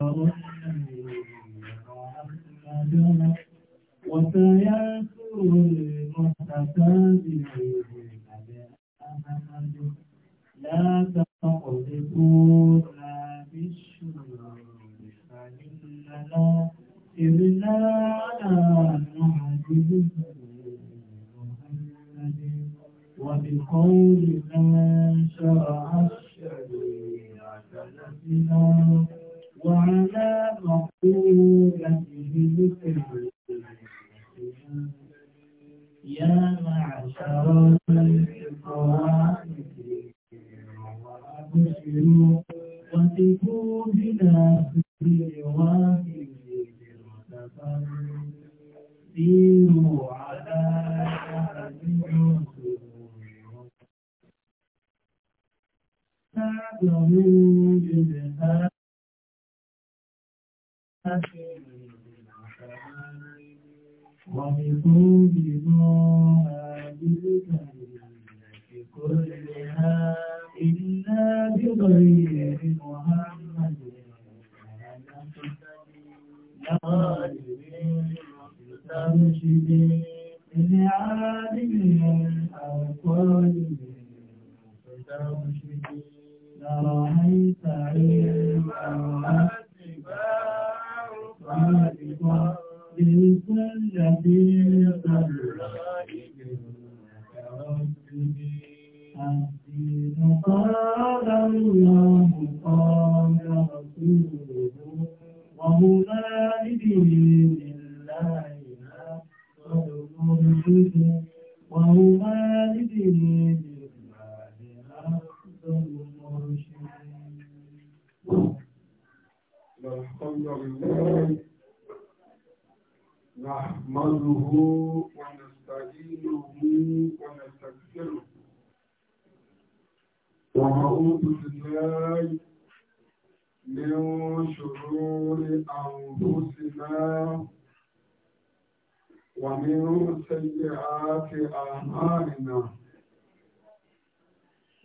وسينصر المتكبرين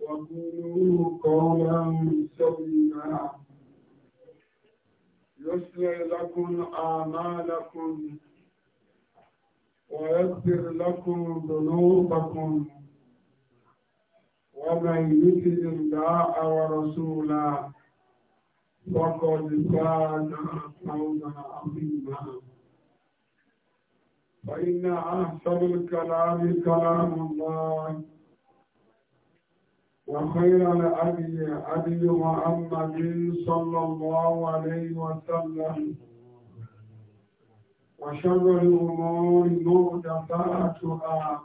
وقولوا قولا سويا يصلح لكم أعمالكم ويغفر لكم ذنوبكم ومن يطع الله ورسوله فقد كان قولا عظيما فإن أحسن الكلام كلام الله وخير الأبي أبي محمد صلى الله عليه وسلم وشر الأمور مهدفاتها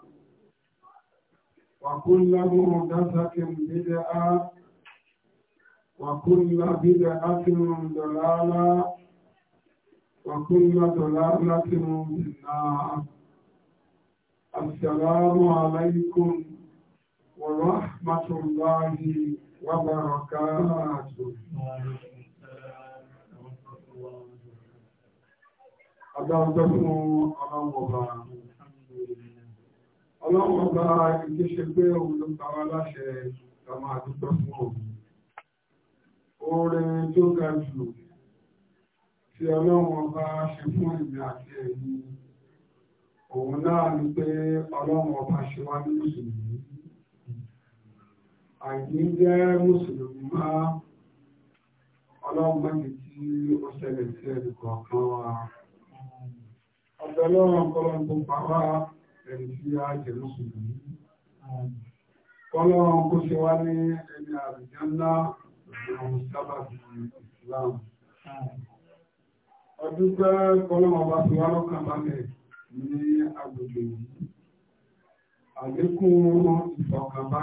وكل مهدفة بدعة وكل بدعة ضلالة وكل ضلالة في النار السلام عليكم ورحمة الله وبركاته Adáwọ̀dọ́ fún ọlọ́run ọba. Ọlọ́run ọba ìdí ṣe pé òun ló pa wá láṣẹ ìtàmà àdúgbò fún òun. Oore tó ga jù tí ọlọ́run ọba ṣe fún ìmì àti ẹ̀yìn. Òun náà ni pé ọlọ́run ọba ṣe wá ní Mùsùlùmí àìní jẹ́ mùsùlùmí máa ọlọ́mọdé tí ó ṣẹlẹ̀ sí ẹnì kọ̀ọ̀kan wa ọ̀bẹ̀lọ́rọ̀ kọlọ́n tó pa wá ẹni tí a jẹ́ mùsùlùmí kọlọ́n kó ṣe wá ní ẹni àbìjá ńlá àwọn sábàbí Islam ọdún pẹ́ kọlọ́n ọba fi wá lọ́kàn balẹ̀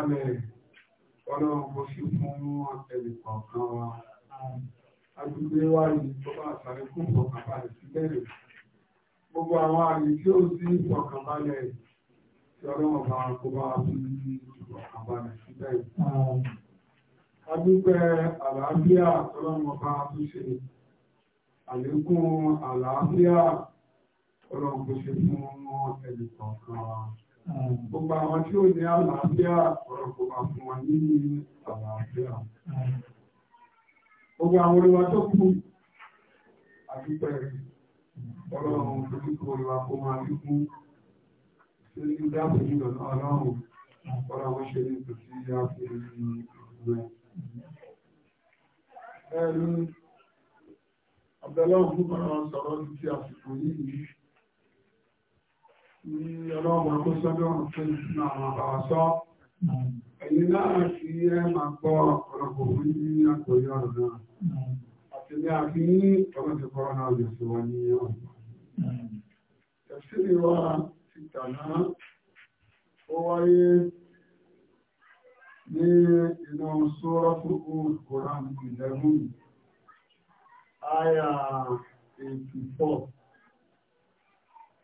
ní ọlọ́run kò sí fún ẹnì kọ̀ọ̀kan wa agbègbè wa ni tó bá ṣàlékún ìfọ̀kànbalẹ̀ síbẹ̀rẹ̀ gbogbo àwọn àyè tí ó sí ìfọ̀kànbalẹ̀ tí ọlọ́run bá kó bá fún ìfọ̀kànbalẹ̀ síbẹ̀rẹ̀ agbègbè àlàáfíà ọlọ́run bá tún ṣe àlékún àlàáfíà ọlọ́run kò ṣe fún ẹnì kọ̀ọ̀kan wa. Gbogbo àwọn tí ó ní àlàáfíà ọ̀rọ̀kọ̀ máa fún wọn ní àlàáfíà. Gbogbo àwọn olúwa tó kú àti pẹ̀lú ọlọ́run tó kí kò olúwa kó máa rí fún tí ó ní dáàbò ní ọ̀nà ọlọ́run ọ̀rọ̀ àwọn ṣe ní ìtòsí yá fún ìlú ẹ̀rù ọ̀bẹ̀lọ́run fún ọ̀rọ̀ sọ̀rọ̀ ti àsìkò yìí ní ọlọ́run akóṣọ́dọ̀ fún àwọn àbáwọ̀sọ́ ẹ̀yìn náà sí ẹ máa gbọ́ ọ̀pọ̀lọpọ̀ fún ní àgbòyí ọ̀rọ̀ náà àti ní àfi ní ọlọ́dún kọ́rọ́ náà lè sọ wọn ní ọ̀pọ̀ ẹ̀sìn wa ti 84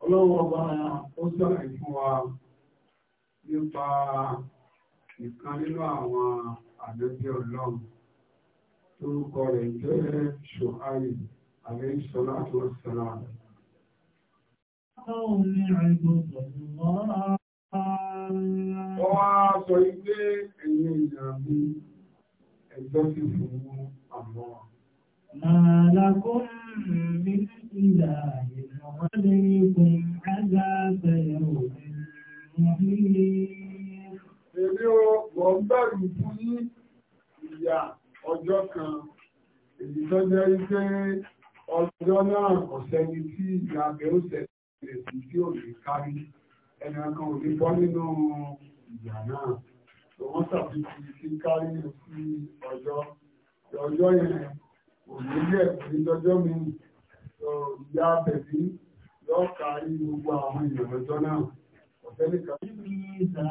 ọlọ́wọ́ ọba ó sọ̀rọ̀ fún wa nípa ìkan nínú àwọn àdẹ́bí ọlọ́run torúkọ rẹ̀ jẹ́ ṣòhárì àlẹ́ ìṣọ́lá tó sọ́lá rẹ̀. Ó wá sọ ilé ẹ̀yìn ìyàmí ẹjọ́ sì fún àwọn. Màálàkó mi ìlànà. عليكم عذاب يوم محيط Èmi ó mọ̀ ń bẹ̀rù fún yí ìyà ọjọ́ kan, èyí tó jẹ́ wípé ọjọ́ náà kò sẹ́ni tí ìyà bẹ̀ ó sẹ̀lẹ̀ sí tí ò lè kárí. Ẹni yóò ka ní gbogbo àwọn ìyẹ̀wò ẹjọ́ náà ọ̀tẹ́lẹ̀ kan. níbi ìta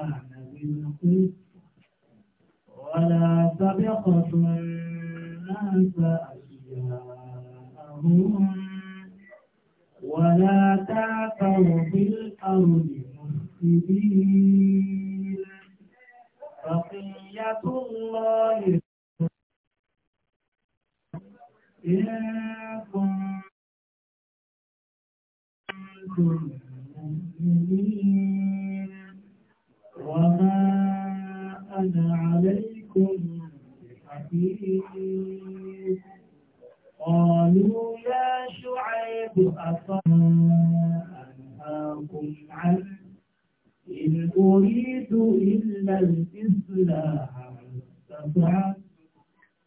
المؤمنين وما أنا عليكم بحفيظ قالوا يا شعيب أفأنهاكم عن إن أريد إلا الإصلاح ما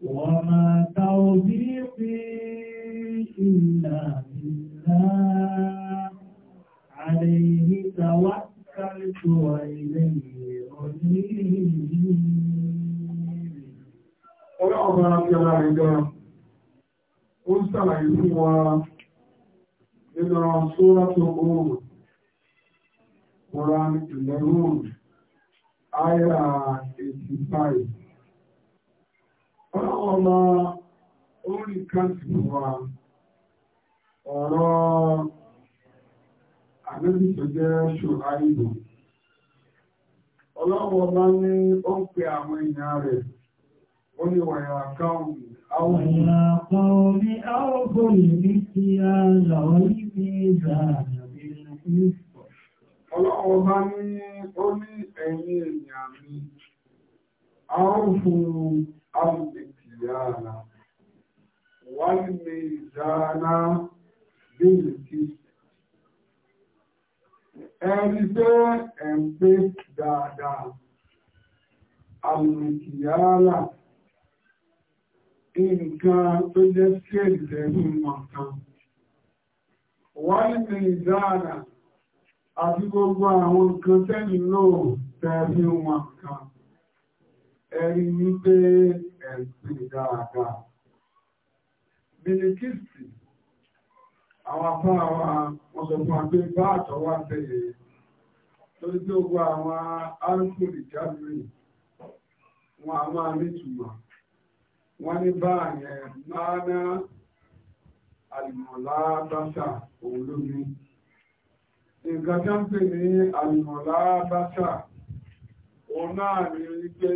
وما توفيقي إلا بالله عليه توكلت وإليه Ọlọ́ọ̀bá Abíọ́lá Ìjọ́ ó ń sàlàyé fún wa nínú ṣúra tó oòrùn, Quran 11, Aya 85. Ọlọ́ọ̀bá orí kan ti wà ọ̀rọ̀ àmẹ́bí tó jẹ́ ṣòra ìbò ọlọ́wọ́ bá ní ó ń pe àwọn èèyàn rẹ̀ ó ní wàyà káwọn àwọn Ọlọ́wọ́ bá ní ó ní ẹ̀yìn èèyàn mi, a ó fún àmìtìyàna, wà ní ìdáná bí ìkìsì ẹ̀rí pé ẹ̀ ń pé dáadáa àmìkìyàrá nǹkan tó jẹ́ sí ìtẹ̀lú mọ̀kan wọ́n ní ìdára àti gbogbo àwọn nǹkan tẹ́lú lóò tẹ́lú mọ̀kan ẹ̀rí wípé ẹ̀sìn dáadáa bìlìkìsì àwọn afọ́ àwọn sọkwa fún àgbé bá àtọ̀wọ́ àtẹ̀yẹ lórí pé ogun àwọn arúgbòlì jáde wọn a máa nítumọ̀ ní bá àyẹ̀ máa àlùmọ̀lá báṣà òun lómi nǹkan tó ń pè ní àlùmọ̀lá báṣà òun náà ní wípé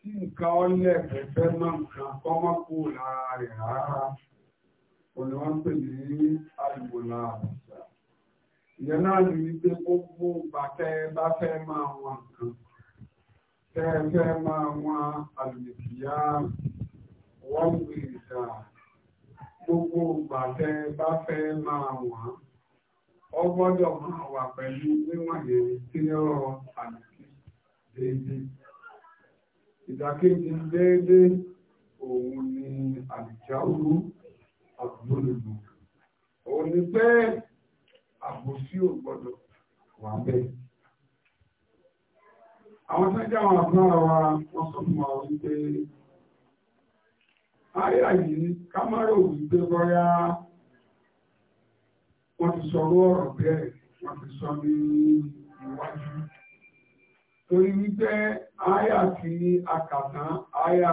tí nǹkan kọ́mọ́kù òní wọ́n pè ní àlùbọ̀là àbùsà ìyẹn náà ní wípé gbogbo bàtẹ́ bá fẹ́ máa wọn nǹkan tẹ́ fẹ́ máa wọn àlùmìkìyà wọ́n pè dà gbogbo bàtẹ́ bá fẹ́ máa wọn ọ gbọ́dọ̀ máa wà pẹ̀lú níwọ̀n yẹn tí ó rọ àlùkí déédéé ìdàkejì déédéé òun ni àlùjáwúrú àgbólógbò òun ni pé àbòsí ò gbọdọ̀ wà bẹ́ẹ̀. àwọn tó jẹ́ àwọn àbúrò wa wọ́n sọ fún wa wípé àyà yìí ká má rò wípé bọ́yá wọ́n ti sọ̀rọ̀ ọ̀rọ̀ bẹ́ẹ̀ wọ́n ti sọ ní iwájú torí wípé àyà tí a kà tán àyà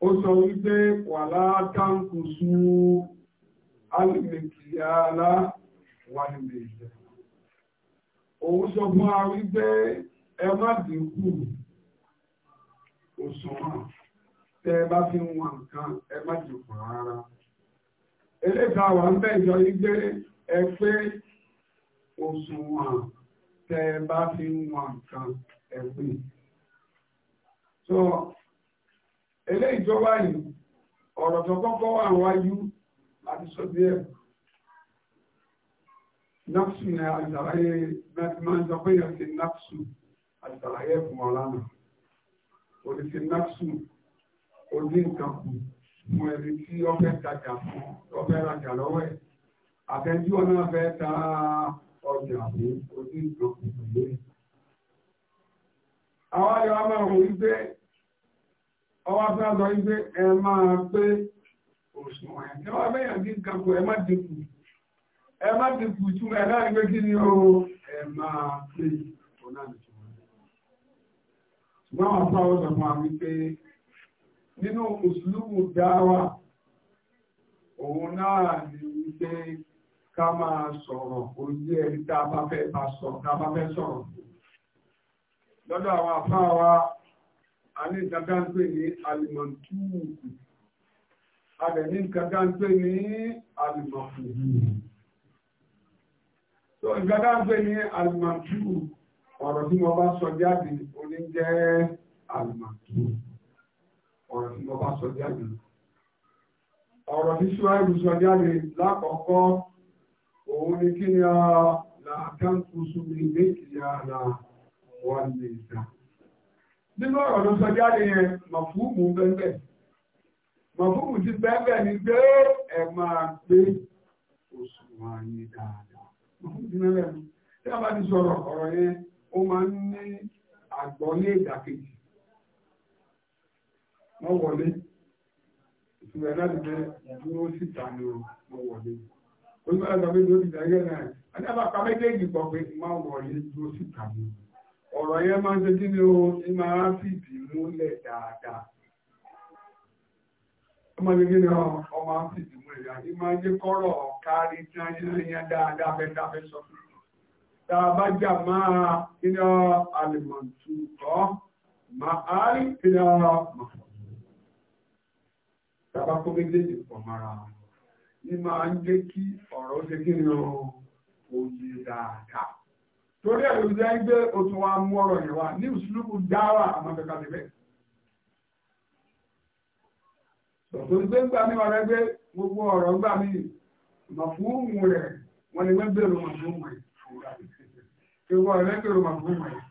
ó sọ wípé wà látàkù sú alìmẹ̀kìyàlá wà nílẹ̀ ìjẹ́ òun sọ fún wa wípé ẹ má dínkù òṣùwọ̀n tẹ bá fi ń wọn nǹkan ẹ má dínkù rárá eléka wà ń bẹ̀ jọ wípé ẹ pé òṣùwọ̀n tẹ bá fi ń wọn nǹkan ẹ pé eléyìí tó wà yìí ọ̀rọ̀ tó kọ́kọ́ wà wáyú láti sọ bí ẹ̀ nafsu ni àṣàlàyé máa ń sọ pé yẹn ti nafsu àṣàlàyé fún ọ lánàá òní ti nafsu òní nǹkan kù fún ẹni tí ó fẹ́ tajà fún ó fẹ́ rajà lọ́wọ́ àtẹ́jú ọ̀nà fẹ́ ta ọjà fún òní nǹkan kù pẹ̀lú àwọn ayọ̀ a wípé ọwọ́ fẹ́ sọ wípé ẹ máa pé òṣùwọ̀n ẹ̀ ẹ wá bẹ́yàn kí nǹkan kù ẹ má dínkù ẹ má dínkù túmọ̀ ẹ láàrin pé o ẹ máa pé òun náà nìkan. ṣùgbọ́n àwọn afáwọ́ sọ fún wa wípé nínú mùsùlùmù dáwà òun náà ni wípé ká máa sọ̀rọ̀ oyé ẹni tá a bá fẹ́ sọ̀rọ̀ lọ́dọ̀ àwọn afáwa a ní ìkàtà ń pè ní alìmọ̀túùkù a dẹ̀ ní ìkàtà ń pè ní alìmọ̀fùdù so ìkàtà ń pè ní alìmọ̀túù ọ̀rọ̀ tí mo bá sọ jáde oní jẹ́ alìmọ̀túù ọ̀rọ̀ tí mo bá sọ jáde ọ̀rọ̀ tí ṣúwáìbù sọ jáde lákọ̀ọ́kọ́ òun ni kí ni a làákàntúnṣù ní méjìlá wà ní ìdáhùn nínú ọ̀rọ̀ ló jáde yẹn màfúùmù bẹ́ẹ̀ màfúùmù ti bẹ́ẹ̀ ni pé ẹ máa gbé oṣù wa ní dáadáa màfúùmù ti náà lẹ́nu tí a bá ti sọ̀rọ̀ ọ̀rọ̀ yẹn ó máa ń ní àgbọ́lé ìdàkejì wọ́n wọlé ìtura láti bẹ dúró síta ni wọ́n wọlé onígbàdàgbà méjì ó ti dàgẹ́ náà àti àbàkà méjèèjì pọ̀ pé wọ́n wọlé dúró síta ni wọ́n ọ̀rọ̀ yẹn máa ń ṣe kí ni o ní máa fìdí múlẹ̀ dáadáa ọmọ ní kí ni ọmọ fìdí múlẹ̀ dáadáa ní máa ń jẹ́ kọ́rọ̀ kárí tí wọ́n fẹ́ sọ fún mi a bá jà máa kí ni àlùmọ̀tù tọ́ máa rí kí ni ọmọ tàbá kó méjèèjì pọ̀ mọ́ra ní máa torí ẹ̀rọ jẹ́ gbé oṣù wa mú ọ̀rọ̀ yẹn wá ní ìṣúlùkù dáwà àwọn kẹ̀kẹ́ ti bẹ́ẹ̀. tòtò gbé gbà mí wọn rẹ́gbẹ́ gbogbo ọ̀rọ̀ gbà mí màfúùmù rẹ̀ wọn ni wọ́n bèrò màfúùmù rẹ̀ gbogbo ọ̀rọ̀ rẹ̀ bèrò màfúùmù rẹ̀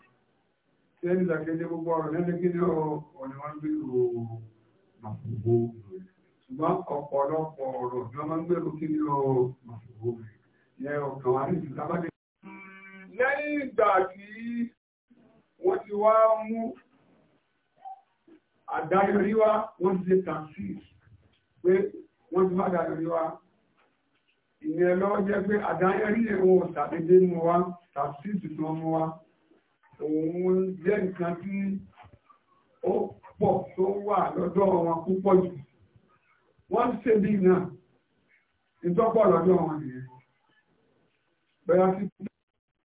ṣé ní ìdàkejì gbogbo ọ̀rọ̀ lẹ́nu kí ni ọ̀ ni wọ́n bèrò màfúùmù rẹ̀ ṣùgbọ́n ọ̀pọ̀lọpọ̀ ọ̀rọ̀ ni wọ́n máa ń gbèrò kí ni ọ̀ màfúùmù rẹ̀ yẹ ọ̀kan wa ní ìtìlábàdé lẹ́yìn ìgbà tí wọ́n ti wá mú àdáyọríwá wọ́n ti ṣe tàǹsì pé wọ́n ti wá àdáyọríwá ìyẹn lọ́wọ́ jẹ́ pé àdáyọrí ẹ̀wọ̀n ṣàdédé mú wa tàǹsì ti tán mú wa òun jẹ́ nǹkan tí ó pọ̀ tó wà lọ́dọ̀ wọn púpọ̀ jù wọ́n ń ṣe bí náà ìtọ́pọ̀ lọ́dọ̀ wọn nìyẹn bẹ́ẹ̀ sí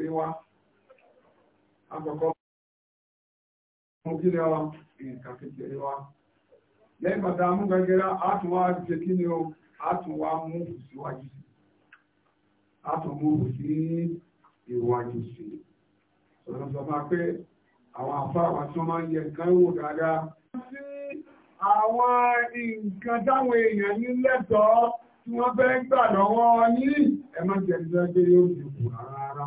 ríwá àkọ́kọ́ mú kí ni ọ nǹkan kékeré wá lẹ́yìn bàtà mú o àtúnwá mú síwájú sí àtúnmú àwọn máa ń yẹ nǹkan wò dáadáa sí àwọn nǹkan táwọn èèyàn lẹ́tọ̀ọ́ tí wọ́n fẹ́ gbà lọ́wọ́ ẹ má jẹ́ yóò dìbò rárá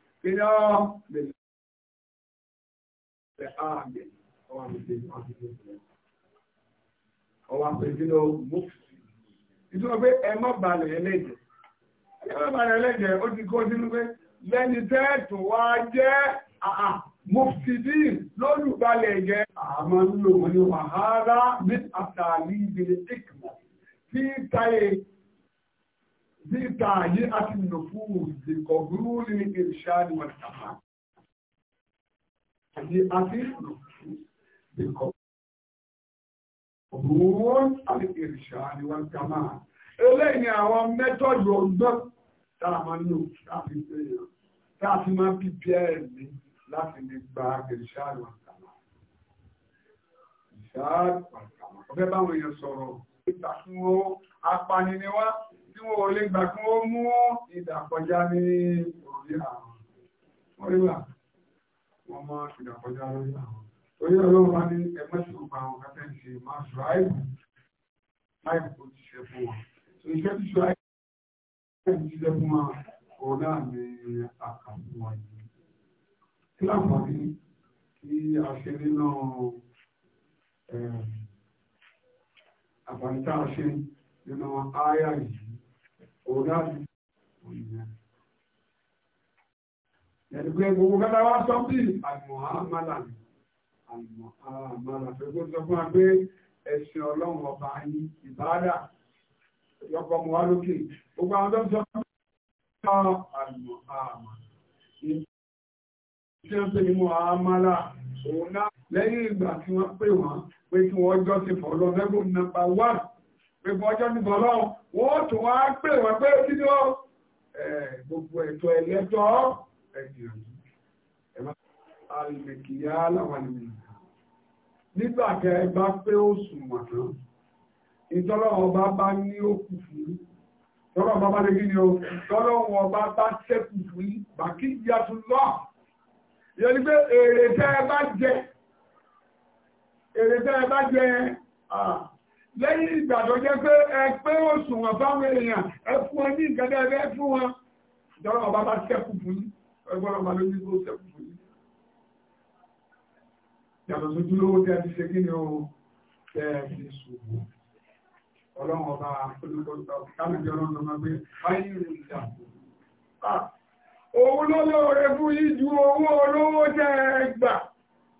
Iná bèèrè. Ṣé ààbẹ̀ ọwà àti ìgbésẹ̀ ọwà pẹ̀lú mú. Ìtura pé ẹ má balẹ̀ ẹlẹ́jẹ̀. Ẹ má balẹ̀ ẹlẹ́jẹ̀ ó ti kó sínú pé lẹ́ni tẹ́ẹ̀tù wá jẹ́ àà mọ̀fìdí lólùbalẹ̀ jẹ́ àmọ́ ń lò wọ́n ní wàhálà ní àtàlí ìbìlẹ̀ ìkìlọ̀ tí táyé níta yí àti nùfúùsì kọ̀gúrú ní ìrìṣà ni wọ́n ti kàfà. Àyí àti nùfúùsì kọ̀gúrú àti ìrìṣà ni wọ́n ti kàfà. Eléyìí àwọn mẹ́tọ̀dù ọgbọ́n tá a máa ń lò láti ṣe èèyàn tá a fi máa ń pípí ẹ̀mí láti lè gba ìrìṣà ni wọ́n ti kàfà. Ìrìṣà ni wọ́n ti kàfà. Ọ̀fẹ́ báwọn èèyàn sọ̀rọ̀ nípa fún apani ni wá wọn ò lè gbà kún ó mú ìdàkọjá ní orí àwọn wọ́n wọ́n mọ́ ìdàkọjá lórí àwọn torí ọlọ́run wá ní ẹgbẹ́ tí àwọn kẹfẹ́ ń máa ṣọ àìbù láìpò ti ṣe fún wọn so iṣẹ́ tí ṣọ àìbù ti ṣe fún wọn òun náà ní àkàbù wọn yìí kí láǹfààní kí a ṣe nínú àbáńtá ṣe nínú ááyà yìí òun náà ni ẹni pé gbogbo kẹta wá sọ́bí àmọ́ àmàlà àmọ́ àmàlà fẹ́gbọ́n sọ fún wa pé ẹ̀sìn ọlọ́run ọba yín ìbáàdà yọkọ̀ mọ́ wá lókè gbogbo àwọn tó ń sọ fún wa àmọ́ àmọ́ tí wọ́n pè ní mọ́ àmàlà òun náà lẹ́yìn ìgbà tí wọ́n pè wọ́n pé kí wọ́n jọ́sìn fọ́ lọ lẹ́gbọ̀n nàmbà gbogbo ọjọ́ níbọ̀ lọ́wọ́ wọ́n tó wá pè wọ́n pé kí ni ó gbogbo ẹ̀tọ́ ẹlẹ́tọ́ ẹ̀gbìyànjú ẹ̀má alìmẹ̀kìyà láwọn alìmẹ̀kìyà nígbà tẹ́ ẹ bá pé ó sùn wọ̀tán ìtọ́lọ́wọ́ bá bá ní ó kù fún tọ́lọ́ bá bá lè kí ni ó tọ́lọ́wọ́ bá bá sẹ́kù fún bàkí ìyàtú lọ́ ìyẹn ni pé èrè tẹ́ lẹ́yìn ìgbà tó jẹ́ pé ẹ pé òṣùwọ̀n fáwọn èèyàn ẹ fún wọn ní nǹkan tẹ́ ẹ fún wọn ìjọba ọba bá sẹ́kù fún yín ẹgbọ́n ọba ló ní kó sẹ́kù fún yín. yàtọ̀ tó dúró owó tẹ́ ti ṣe kí ni o tẹ́ ẹ fi ṣòwò ọlọ́run ọba olùkọ́ta káàmì ọlọ́run ọmọ gbé báyìí rò ìjà. òun ló lóore fún yín ju owó olówó tẹ́ ẹ gbà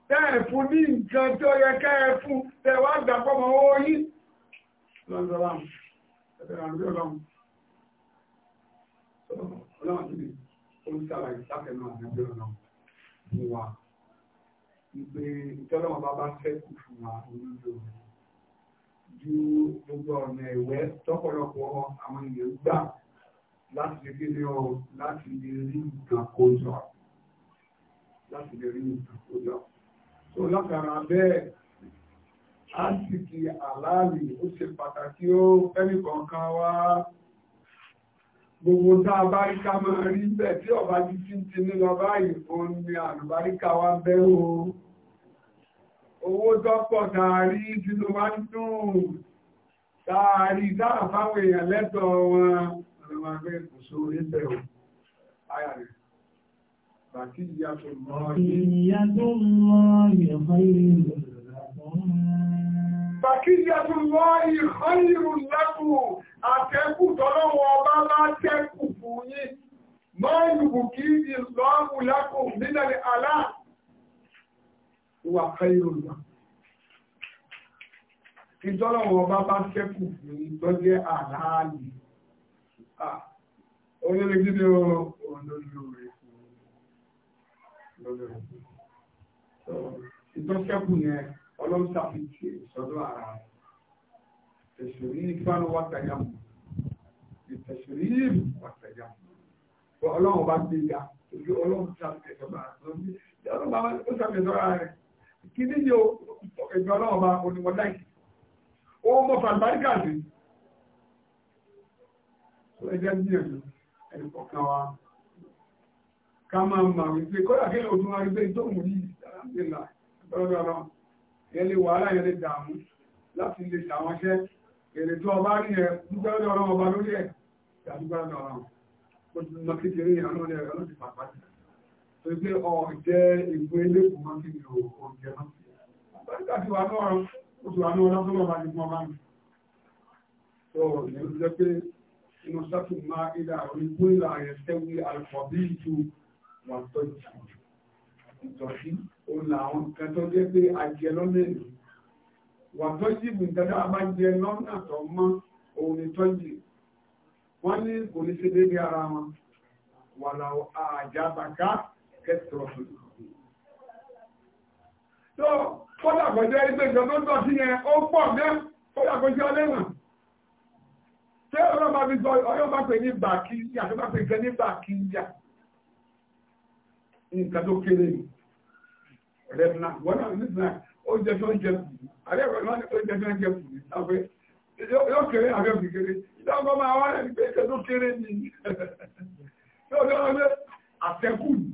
tẹ́ ẹ fún ní nǹkan tó yẹ kẹ́ ẹ fún tẹ́ wá gbà pọ̀ mọ́ owó yín. Ìgbé ìtọ́lọ́wọ́ bá bá sẹ́kù fún wa onílò ju gbogbo ọ̀nà ẹ̀wẹ́ tọ́pọ̀lọpọ̀ àwọn èèyàn gbà láti lè kéde ọ láti lè rí nǹkan kó jọ. Láti lè rí nǹkan kó jọ. So látara bẹ́ẹ̀ àǹtìkì àláàlì ó ṣe pàtàkì ó ẹnìkọ̀ọ̀kan wá gbogbo tá a bá rí ká máa rí bẹ́ẹ̀ tí ọba ti ti ti ní lọ báyìí òun ni àlùbáríkà wa bẹ́ o owó tọ́pọ̀ tààrí sínú wa ń dùn tààrí dára fáwọn èèyàn lẹ́tọ̀ọ́ wọn ọ̀rọ̀ àgbẹ̀ kò sóore o bàtí ìyá tó mọ́ ìyá tó mọ́ ọ́ yìí ọ̀fọ̀ lọ́dọ̀ Bàkíyàtúwọ́ ìhọ́yìrù lẹ́kù àtẹ́kù tọ́lọ́wọ́ ọba bá tẹ́kù fún yín. Mọ́ọ̀lùbù kí ìlọ́ọ̀mù lẹ́kù nílẹ̀ àlá. Ìwà kẹ́yìrù lọ. Ìjọ́lọ́wọ́ ọba bá tẹ́kù fún yín tó jẹ́ àlàálì. Olórí gidi o, olórí rẹ̀. Ìjọ́ṣẹ́kù yẹn ọlọ́run ṣàfihàn ẹ̀ sọ́dọ̀ ara rẹ̀ tẹ̀sùrí ìfáànù wà tẹ̀yà mù ìtẹ̀sùrí ìlú wà tẹ̀yà mù ọlọ́run bá gbé ga ojú ọlọ́run ṣàfihàn sọ́dọ̀ ara rẹ̀ ọlọ́run bá ó ṣàfihàn sọ́dọ̀ ara rẹ̀ kí ní yóò ẹ̀jọ̀ ọlọ́run bá onímọ̀ láìsí ó mọ̀ fàlùbáríkà sí ẹjẹ́ gbìyànjú ẹni kọ̀ọ̀kan wa ká máa mọ̀ wípé kọ́dà kí lóòótọ́ wá rí pé tó mú yìí dára ń gbé là ọlọ́run ẹni wàhálà yẹn lè dààmú láti lè ṣàwọn iṣẹ́ èrè tó ọba rí ẹ dúpẹ́ lọ́dọ̀ ọ̀rọ̀ ọba lórí ẹ̀ dàdúgbà lọ́dọ̀ ọ̀rọ̀ ó ti lọ kékeré yẹn lọ́dọ̀ ẹ̀rọ ló ti pàpà jù tó gbé ọ̀jẹ́ ìgbó eléèkó máa kí ni òòjẹ́ náà. báyìí àti wà náà ó ti wà náà lọ́dọ̀ ọba ti fún ọba mi. tó yẹn ló jẹ́ pé inú sátìmá ìlà orí gbóyè àyẹ̀tẹ́wé àlùfọ̀ bíi ju wà tọ́jú ìtọ̀sí òun làwọn kan tó jẹ́ pé ajẹ lọ́nà èlò wà tó sì bù nǹkan tó bá jẹ lọ́nà tó mọ́ òun ni tọ́jú wọ́n ní kò ní ṣe déédéé ara wọn wà láwọ àjàbàká kẹtọ̀ọ̀ tó kọ́dà kọjá ẹgbẹ́ ìjọba tó sí yẹn ó pọ̀ gẹ́ kọ́dà kọjá lẹ́wọ̀n tẹ́ ọlọ́ba fi sọ ọyọ́ bá pè ní bàkíyà tó bá pè ní bàkíyà nǹkan tó kéré ni rẹ̀mìnà gbọ́nà nígbà ó jẹ́ tó ń jẹ fùdí àrẹ́wẹ̀ náà ó jẹ́ tó ń jẹ fùdí sáfẹ́ yóò kéré àfẹ́ fùdí kéré ìdáwọ́ máa wá rẹ̀ pé nǹkan tó kéré ni yóò dáwọ́ pé àtẹ́kù ni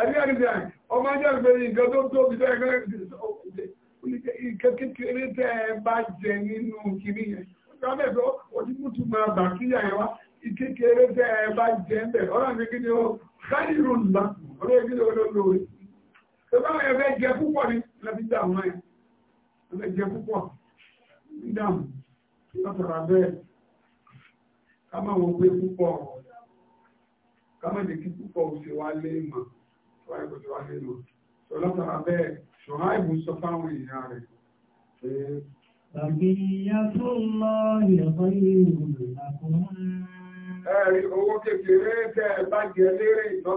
ẹ̀rí ẹ̀rí bí i ọmọ jẹ́ pé nǹkan tó tóbi tó ẹgbẹ́ nǹkan kékeré tẹ́ ẹ ìkékeré tẹ́ ẹ bá jẹ́ ń bẹ̀ ọ̀rọ̀ mi kí ni ó káyìrò ńlá ọ̀rọ̀ èmi ló ló lóore tó bá wọn ẹgbẹ́ jẹ púpọ̀ ni láti dá àwọn ẹ̀ ẹgbẹ́ jẹ púpọ̀ nídàmú látara bẹ́ẹ̀ ká má wọ pé púpọ̀ ká má lè kí púpọ̀ òsè wá lé mọ̀ tó àìkò tó wá lé mọ̀ tó látara bẹ́ẹ̀ ṣọ̀há ìbò sọ fáwọn èèyàn rẹ̀ pé. Bàbí ìyá ẹ̀rí owó kékeré tẹ́ ẹ bá jẹ bá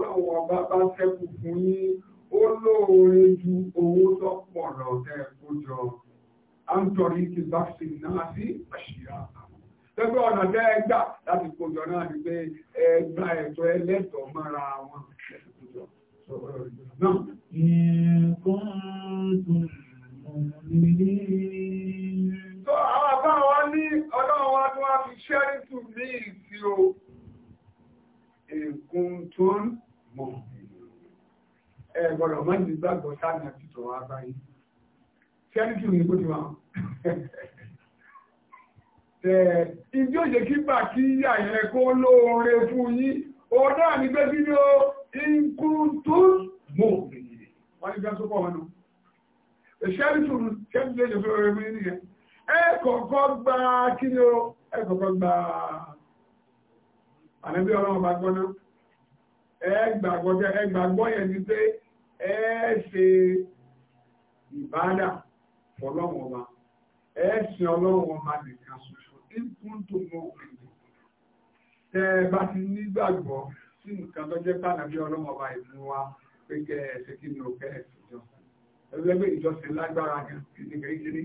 bá sẹ́kù fún yín ó lóore ju owó tó pọ̀ lọ tẹ́ kó jọ antori ti bá sì náà sí àṣìyá lẹ́gbẹ́ ọ̀nà tẹ́ ẹ láti kójọ náà ni pé ẹ ẹ̀tọ́ ẹlẹ́tọ̀ọ́ mọ́ra wọn lẹ́sìn kójọ náà. ìkọ́ntùn ọ̀nà ìlú So àwọn àbá wa ní ọlọ́run wa tó wá fi ṣẹ́rí tù ní ìsí o. Ègùn tó ń mọ̀. Ẹ gbọ́dọ̀ mọ́ ní gbàgbọ́ sáàdì àti tọ̀ wá báyìí. Ṣẹ́rí tù ní bó ti wà. Ìjọ́ ìjẹ́kígbà kí yà yẹn kó lóore fún yín. Ọ̀dá mi gbé bí ní o, ìkún tó mọ̀ òmìnir. Wọ́n ní bí wọ́n tó pọ̀ wọn nù. Ṣẹ́rí tù ní ṣẹ́rí tù ní ṣẹ́rí ẹ̀kọ̀ọ̀kọ́ gba kí ni ó ẹ̀kọ̀ọ̀kọ́ gba ànábì ọlọ́run bá gbọ́ná ẹgbàgbọ́ yẹn ni pé ẹ ṣe ìbádà fọlọ́run ọba ẹ ṣe ọlọ́run ọba nìkan ṣoṣo ìkún tó mọ òkèèrè tẹ ẹ bá ti nígbàgbọ́ sí nǹkan tó jẹ́ pàdánù ọlọ́run ọba ìlú wa pé kẹ ẹ ṣe kí ni ó kẹ ẹ ṣèjọ ẹgbẹ́ ìjọsìn lágbára gan kìdìkìdì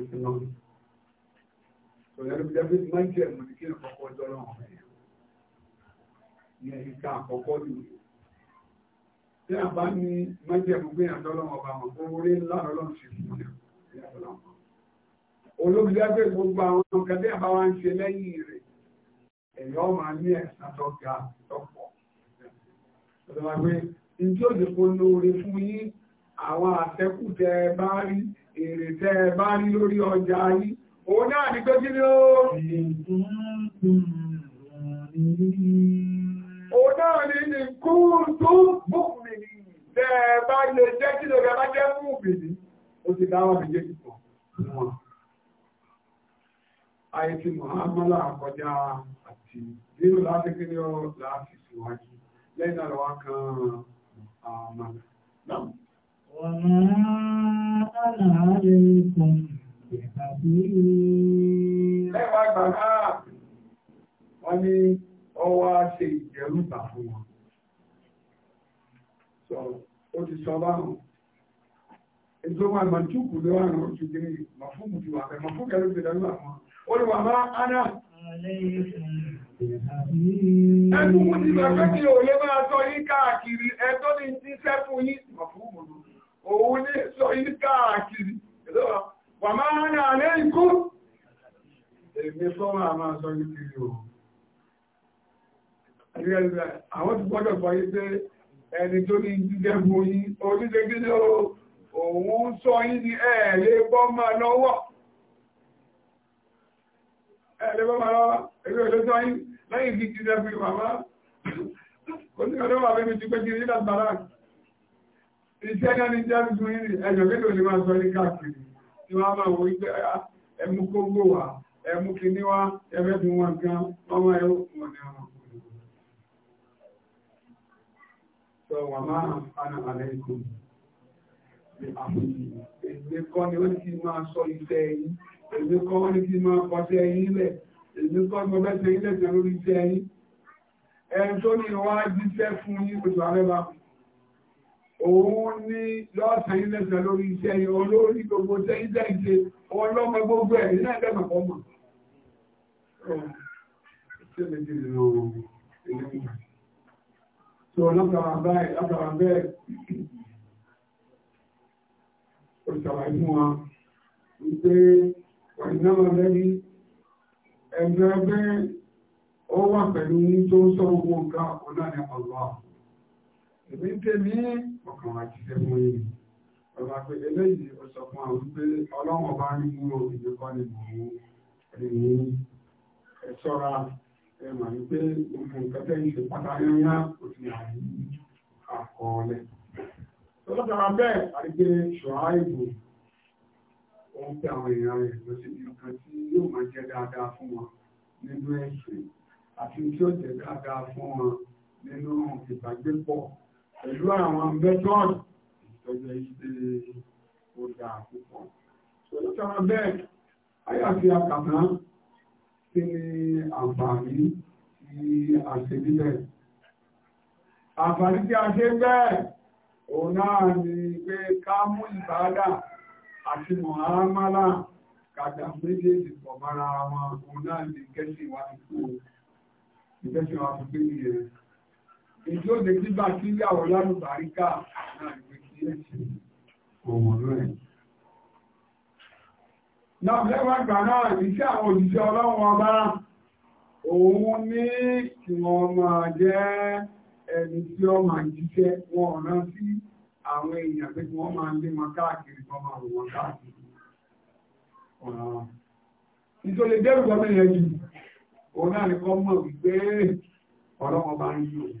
náà tòlẹ́rù jẹ́ pé máa ń jẹ́ ẹ̀mọ̀ ní kí n kọ́kọ́ jọ́rọ̀ ọ̀hún ẹ̀yà ní ẹ̀yìn ká àkọ́kọ́ nù tí a bá ní máa ń jẹ́ ẹ̀mọ̀ pé àjọ́rọ̀ ọba mọ̀ kó orí ńlá lọ́lọ́run ṣe fún ọ̀nà olóbi jẹ́ pé gbogbo àwọn kẹ́lẹ́ àbá wa ń ṣe lẹ́yìn rẹ̀ ẹ̀yọ́ máa ní ẹ̀sà tọ́ka tọ́pọ̀ tọ́lọ́wà pé ní tí ó dìpọ̀ lóore fún yín àwọn àtẹ́kù tẹ́ bá rí èrè tẹ́ ẹ bá rí lórí ọjà yìí òun náà ní pé kí ni ó òun náà ní ní kúrú tó bùkùnmí ní tẹ́ ẹ bá lè jẹ́ kí ló rẹ bá jẹ́ bùkùnmí ní ó ti dáwọ́ mi jẹ́ pípọ̀ wọn àìsí mọ̀hámọ́lá àkọjá àti nínú láti kí ni ó láti síwájú lẹ́yìn náà lọ́wọ́ kan àmàlà ah, náà وما أنا عليكم بحفيظ wọ́n ní ọwọ́ á ṣe ìjẹ̀rúbà fún wọn. Sọ ó ti sọ báwọn. Ẹnu mú ti bàbá mi ò lè máa sọ yín káàkiri. Ẹ̀tọ́ ni ti sẹ́fún yín. Màfúùmù ló òun ní sọ yí káàkiri wà máa ń àlẹ́ ikú èmi fọ́nà àmà sọ yí kiri o àwọn ti gbọ́dọ̀ gbọ́ yí pé ẹni tó ní jíjẹ mú yí oníṣẹ́ kí ló òun sọ yí ní ẹ̀ẹ́lẹ́ bọ́ máa lọ́wọ́ ẹ̀ẹ́lẹ́ bọ́ máa lọ́wọ́ ẹgbẹ́ òṣèlú lẹ́yìn kí jíjẹ fún ìwà máa kò ní ọdọ́ wà fẹ́ mi ti pé kiri nígbà bàrá ìṣẹ́gá ní jẹ́rùsùn ìrìn ẹjọ̀ mélòó ni máa sọ ní káàkiri tí wọ́n máa wọ ìgbẹ́ ẹmú kógbò wà ẹmú kìíní gan ọmọ ẹ̀ òkun ní ọmọ sọ wà máa ana àlẹ́ ikú ní àfòjì èdè kọ́ ni ó ti máa sọ iṣẹ́ ẹ̀yìn èdè kọ́ ni ó ti máa kọṣẹ́ ẹ̀yìn lẹ̀ èdè kọ́ ni ó bẹ́ẹ̀ ṣe ilẹ̀ tẹ̀ lórí òun ní lọ́ọ̀tàn ilẹ̀sẹ̀ lórí iṣẹ́ yìí olórí gbogbo tẹ́yìntẹ́ ìṣe ọlọ́mọ gbogbo ẹ̀ ní ẹ̀dẹ́mọ̀ ọmọ So lọ́pàá na pẹ̀lú ní tó sọ gbogbo nǹkan ọ̀nà ni èmi ń tẹ́ mí ọkàn wá jíṣẹ́ fún yìí ọba pé eléyìí ó sọ fún àwọn pé ọlọ́wọ́n bá ń mú òbí kọ́ ni mò ń rìn ní ẹ̀ṣọ́ra ẹ mà ní pé gbogbo nǹkan tẹ́ ìṣe pátá yányá kò sí àrí àkọọ́lẹ̀. tọ́lọ́tara bẹ́ẹ̀ àrígbé ṣọ̀rá ìbò ó ń pè àwọn èèyàn rẹ̀ lọ sí ibi kan tí yóò máa jẹ́ dáadáa fún wọn nínú ẹ̀sìn àti tí ó jẹ́ dáadáa fún wọn nínú ìbàgbépọ̀ pẹ̀lú àwọn mẹ́tọ́ọ̀dù ìtọ́jẹ́ ìṣẹ́ ó dáa púpọ̀. Olókàwà bẹ́ẹ̀, ayàfi àkàtà kí ni àǹfààní tí a ṣe níbẹ̀. Àǹfààní tí a ṣe bẹ́ẹ̀, òun náà ni pé ká mú ìbáadà àti mọ̀hámálà kàdà méjèèjì pọ̀ mọ́ra wọn, òun náà ni kẹ́sì wá ti kú. Ìkẹ́sì wá ti gbé nìyẹn èyí ó lè gbígbà sí ìyàwó lálùbáríkà náà ìwé kí ẹ ṣe òun rẹ̀. náà lẹ́wọ̀n ìgbà náà iṣẹ́ àwọn òṣìṣẹ́ ọlọ́run ọba òun ní kí wọ́n máa jẹ́ ẹni tí ó máa jíṣẹ́ wọn rán sí àwọn èèyàn pé kí wọ́n máa lé wọn kan máa rò káàkiri ọ̀nà wọn. dẹ́rù gómìnà jù òun náà ní kọ́ mọ̀ wípé ọlọ́run ọba ń yí òun.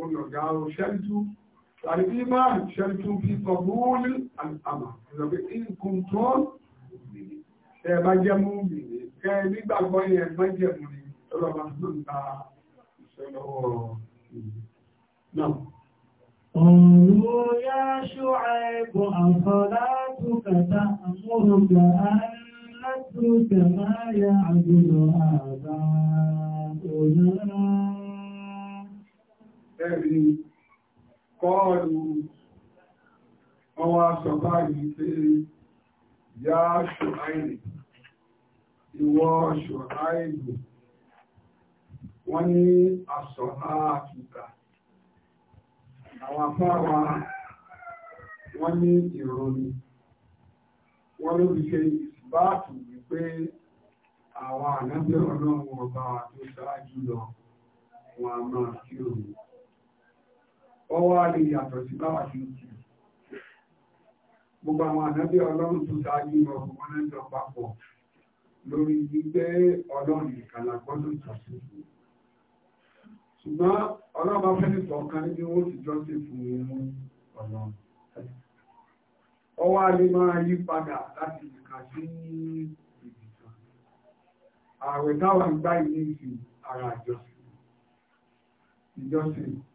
olùgá ṣẹ́jú tàbí máa ṣẹ́jú bí kọbúlì àmà ìlọ́gbé ìkùntún ẹ bá jẹ́ mú mi ní kẹ nígbàgbọ́ yẹn má jẹ́ mú ni ọlọ́ba tó ń ta ìṣẹ́lọ́wọ́ náà. قالوا يا شعيب أصلاتك تأمرك أن نترك ẹ̀rí kọ́ọ̀lù ọwọ́ aṣọ́bá yìí pé yá ṣùháìlì ìwọ ṣùháìlì wọ́n ní aṣọ́há àkìkà àwọn afáwa wọ́n ní ìròyìn wọ́n ló fi ṣe ìsìbáàtù wípé àwọn ànábẹ́ ọlọ́run ọba tó ṣáájú lọ wọn a máa kí òun ọwọ́ a lè yàtọ̀ sí báwa ti ń kí gbogbo àwọn ànábí ọlọ́run tó sáájú lọ wọn náà papọ̀ lórí gbígbé ọlọ́run nìkan la jọ sí ṣùgbọ́n ọlọ́run bá fẹ́ nìkan kan níbi owó ti jọ sí fún inú ọ̀nà ọwọ́ a máa yí padà láti nìkan sí ìbìkan ààwẹ̀ táwọn ìgbà ìlú ìsìn ara àjọsìn ìjọsìn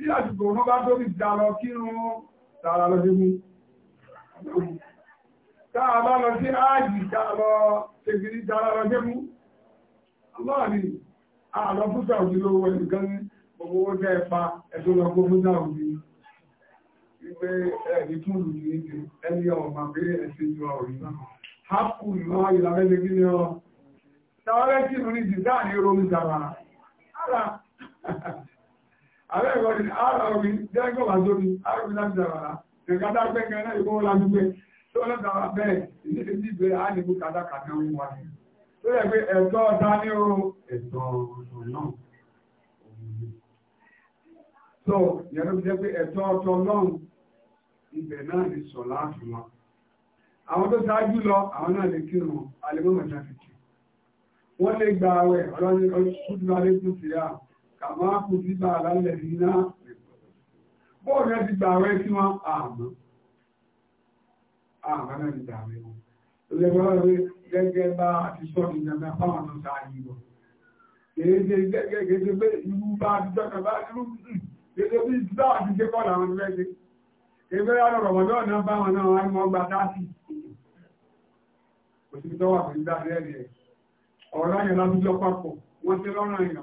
tí àsìkò wọn bá tó fi dà lọ kírun tààrà lọ sí mú táà bá lọ sí áàjì tàà lọ ṣèkìrí tààrà lọ sí mú lọ́ọ̀ni àlọ́ fúta òjì lówó ẹnìkan ní owó jẹ́ ẹ̀pa ẹ̀tọ́ lọ kó fúta òjì wípé ẹ̀ẹ̀dì tún lù ní ìdí ẹni ọmọ pé ààrẹ ìwọ̀n ni ara omi jẹ́gbọ́n wà lómi ara omi láti dàbàrà ìrìnkádá gbẹ́gbẹ́ náà ìwọ́n lájú pé tó lọ́dàbà bẹ́ẹ̀ ìdílé sí ìgbé àánìkú kàdá kàdá ń wà ní tó yẹ pé ẹ̀tọ́ ọ̀dá ní o ẹ̀tọ́ ọ̀tọ̀ náà so yẹn ló fi jẹ́ pé ẹ̀tọ́ ọ̀tọ̀ náà ibẹ̀ náà ní sọ láàfin wọn àwọn tó ṣáájú lọ àwọn náà lè kírun alẹ́ mọ́mọ́ jáfìkì wọ́n lè gba àwẹ̀ ọlọ́ni ọdún kàmá kò sí bá àlálẹ̀ sí náà bóò rẹ̀ ti gbàwẹ́ sí wọn àmọ́ àmọ́ náà ti gbàwẹ́ wọn lẹ́gbẹ̀rẹ̀ gẹ́gẹ́ bá àti sọ ìjọba fáwọn tó sáà yìí lọ gẹ́gẹ́ gẹ́gẹ́ pé ìlú bá ti jọ́ta bá ti rú gẹ́gẹ́ bí ìdílá àti jẹ́ kọ́ làwọn ẹgbẹ́ ṣe ẹgbẹ́ yára rọ̀mọ́dọ́ náà bá wọn náà wọ́n mọ́ ọ̀rọ̀ yẹn lábújọ́ papọ̀ wọ́n ti lọ́rọ̀ yẹn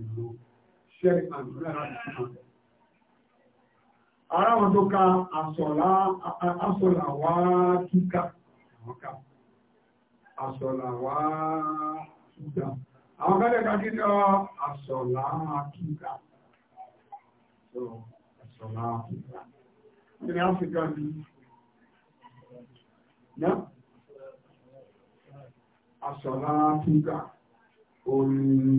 ìlú ṣẹ́rì àgbẹ̀rẹ̀ láti fún wọn. Ara wọn tó ka asọ̀là wá kíkà, àwọn ká. Asọ̀là wá kíkà. Àwọn kẹ́lẹ̀ ká kí ní ọ asọ̀là kíkà. Asọ̀là kíkà. Kí ni Áfíríkà ní? Ná? Asọ̀là kíkà. Orin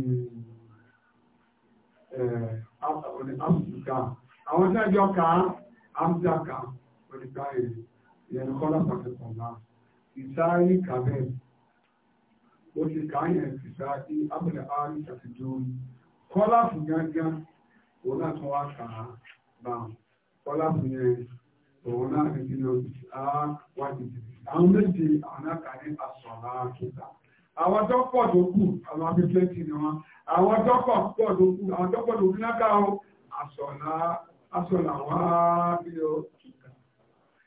àfùkà àwọn tí ẹjọ́ ká amzaka onígbà èrè ìyẹn kọ́lá pàtàkì náà ìsáyí kàbẹ́ ó ti káyẹ̀ ìsáyí abúlé àárín àti dùn kọ́lá fún gángan òun náà tún wá kà á bá kọ́lá fún yẹn òun náà ti di lọ sí àwọn méje àwọn náà kà ní àsọ̀rọ̀ àkíta. àwọn dọ́pọ̀ tó kù àwọn abẹ́fẹ́tì ni wọn àwọn dọ́pọ̀ tó kù àwọn dọ́pọ̀ tó kù lákà ó àsọ̀lá wá bí ó kìkà.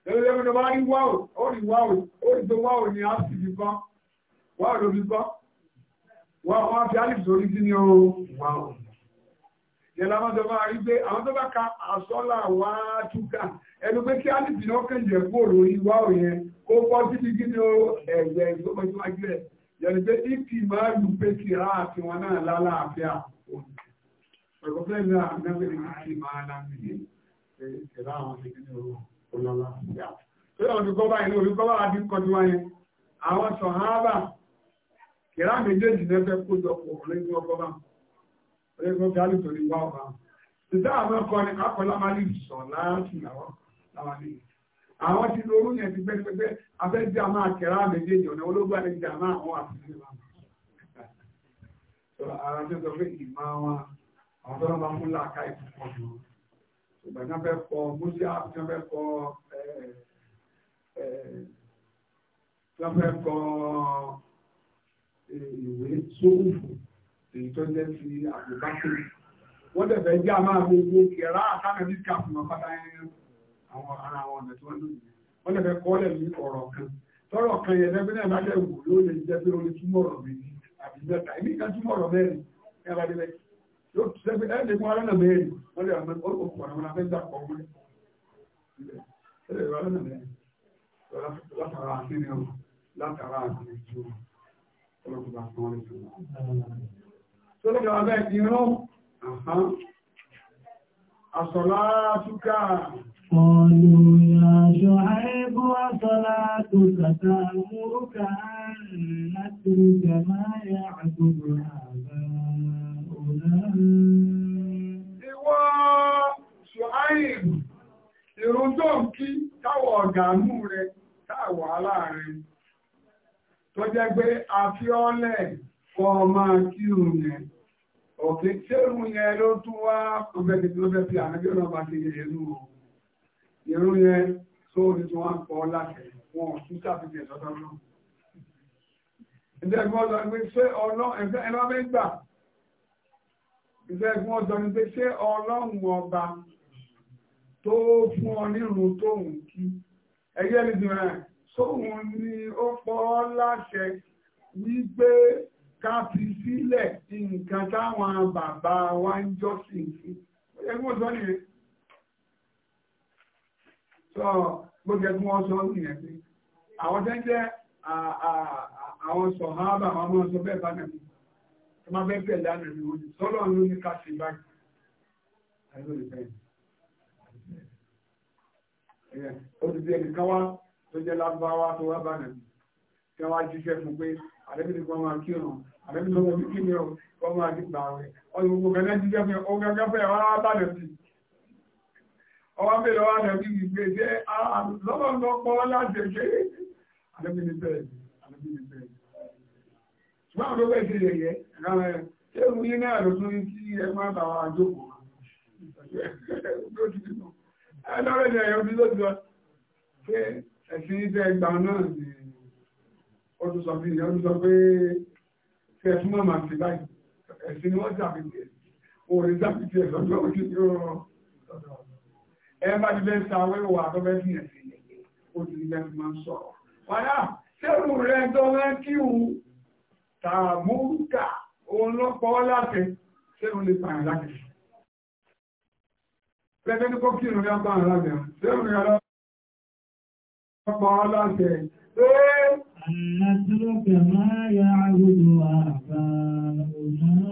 lẹ́gbẹ̀lẹ́gbẹ̀ tó bá rí wáwò ó rí wáwò ó rí tó wáwò ni a fi wáwò ló fi fi alif sórí sí ni ó wáwò. yẹlẹ àwọn tó bá rí pé àwọn tó bá ka àsọ̀lá wá túkà ẹnu pé kí alif lórí wáwò yẹn pọ́ kí yẹni pé ìkì máa lù pé kì rá àti wọn náà lálàáfíà òun ọ̀rọ̀ pé ní àgbẹ̀wé ní ìkì máa lábìlì pé kì rá àwọn ìdílé olólàáfíà tó yẹ ọdún kọ́bá ilé orí kọ́bá àti kọjú wáyé àwọn sọ̀háábà kì rá méjèèjì náà fẹ́ kó jọ pọ̀ lẹ́yìn ọgọ́bà lẹ́yìn ọgọ́bà lẹ́yìn ọgọ́bà ìdá àwọn ọkọ ni akọ̀lá máa lè sọ̀ láàtì làwọn láwọn lè àwọn ti lo orú yẹn ti pẹ́pẹ́pẹ́ afẹ́ jẹ́ àmọ́ àkẹ́rà méjèèjì ọ̀nà ológun àti ìjà àmọ́ àwọn àfihàn wa. sọ ara tó sọ pé ìmọ̀ wọn àwọn tó máa mú làákà ìfúnpọ̀ jù ìgbà tí wọ́n fẹ́ kọ mọ́sí àti wọ́n fẹ́ kọ tí wọ́n fẹ́ ìwé sóhùfù èyí tó jẹ́ ti àgbẹ̀bá kiri wọ́n dẹ̀ fẹ́ jẹ́ àmọ́ àgbègbè kẹrà àtàkàndínlẹ́kà fún ọ àwọn ara wọn ọ̀nà tí wọ́n lòdì wọ́n lè fẹ́ kọ́lẹ̀ ní ọ̀rọ̀ kan tọ́rọ̀ kan yẹn lẹ́gbẹ́ náà bá jẹ́ wò ló lè jẹ́ pé ó lè túmọ̀ ọ̀rọ̀ méjì àbí mẹ́ta ìní kan túmọ̀ ọ̀rọ̀ mẹ́rin ní abadélẹ̀ yóò sẹ́gbẹ́ ẹ̀ lè mú ara náà mẹ́rin wọ́n lè àwọn ọkọ̀ àwọn afẹ́ gbà kọ́ wọlé látara àfihàn ọ̀rọ̀ látara àfihàn ìjọba ọlọ́kùnrin àti wọn lè fi wọn. tó lè jọ abẹ́ ìrún àṣọ látúkà. قالوا يا شعيب وصلاتك تأمرك أن نترك ما يعبد آباؤنا ìwọ Ṣuaib ìrun tó ń kí táwọn ọ̀gàmú rẹ̀ táwọn aláàrin tó jẹ́ pé àfiọ́lẹ̀ fọ ọmọ kí òun yẹn òfin tí yẹn ló tún wá ọbẹ̀ tí ló fẹ́ fi ànábí ọ̀nà bá ti yẹ̀ nù ọ̀hún ìrún yẹn tó ní tí wọ́n pọ̀ láti wọn ò tún sàfihàn sọ́tọ́ náà. Ìjẹ́ ìgbọ́n sọ pé ṣé ọlọ́run ẹ̀rọ bẹ́ gbà? Ìjẹ́ ìgbọ́n sọ pé ṣé ọlọ́run ọba tó fún ọ nírun tóun kí? Ẹgbẹ́ ní ti rẹ̀ sóhun ni ó pọ̀ láṣẹ wípé ká fi sílẹ̀ nǹkan táwọn bàbá wa ń jọ́sìn sí. Ẹgbẹ́ ìgbọ́n sọ nìyẹn sọ gbogbo ẹgbẹ́ wọn sọ nìyẹn pé àwọn tẹ́ jẹ́ àwọn sọ̀háábà àwọn ọmọ sọ bẹ́ẹ̀ bá nàbí tó máa bẹ́ẹ̀ bẹ́ẹ̀ lánàá ni wọ́n sọ́lọ́ ló ní ká ṣe báyìí ó ti di ẹnìkan wá tó jẹ́ lágbáwá tó wá bá nàbí tí wọ́n á jíṣẹ́ fún pé àdébìnrin kan máa kírun àdébìnrin kan máa kírun ọmọ àdìgbà rẹ̀ ọ̀yọ́ gbogbo ẹ̀ náà jíṣẹ́ fún ọgá gáfẹ́ wá bá nàbí ọwá bèèrè wá nàbí ìgbé jẹ́ lọ́lọ́lọ́pọ̀ láti ṣe àdébìnibẹ̀rẹ̀ ṣùgbọ́n àwọn ọgbẹ́ ti rẹ̀ yẹ ṣé mú yí náà ló tún kí ẹ má bà wá jókòó ẹlọ́rẹ̀ ni ẹ̀yọ́ bí lójú pé ẹ̀sìn ìjẹ́ ìgbà náà ni ó tún sọ bí ìyẹn ó báyìí ẹ̀sìn ni wọ́n jàbí tiẹ̀ òòrè jàbí tiẹ̀ sọ́jọ́ òkè yóò rọ̀ ẹ̀bá ti fẹ́ sa wẹ́wọ̀ wà tó fẹ́ sí ẹ̀sìn ó ti fẹ́ máa ń sọ̀rọ̀. Wàdà sẹ́rù rẹ̀ tó fẹ́ kí wù tààmúkà òun ló pọ̀ láti sẹ́rù lè pààyàn láti fi. Pẹ́pẹ́ ní kó kí ìrùn ní apá àrà bẹ̀rẹ̀ sẹ́rù rẹ̀ lọ pọ̀ láti pé. Àlàtúrọ̀kẹ̀ máa yà àwùjọ àbá òṣèlú.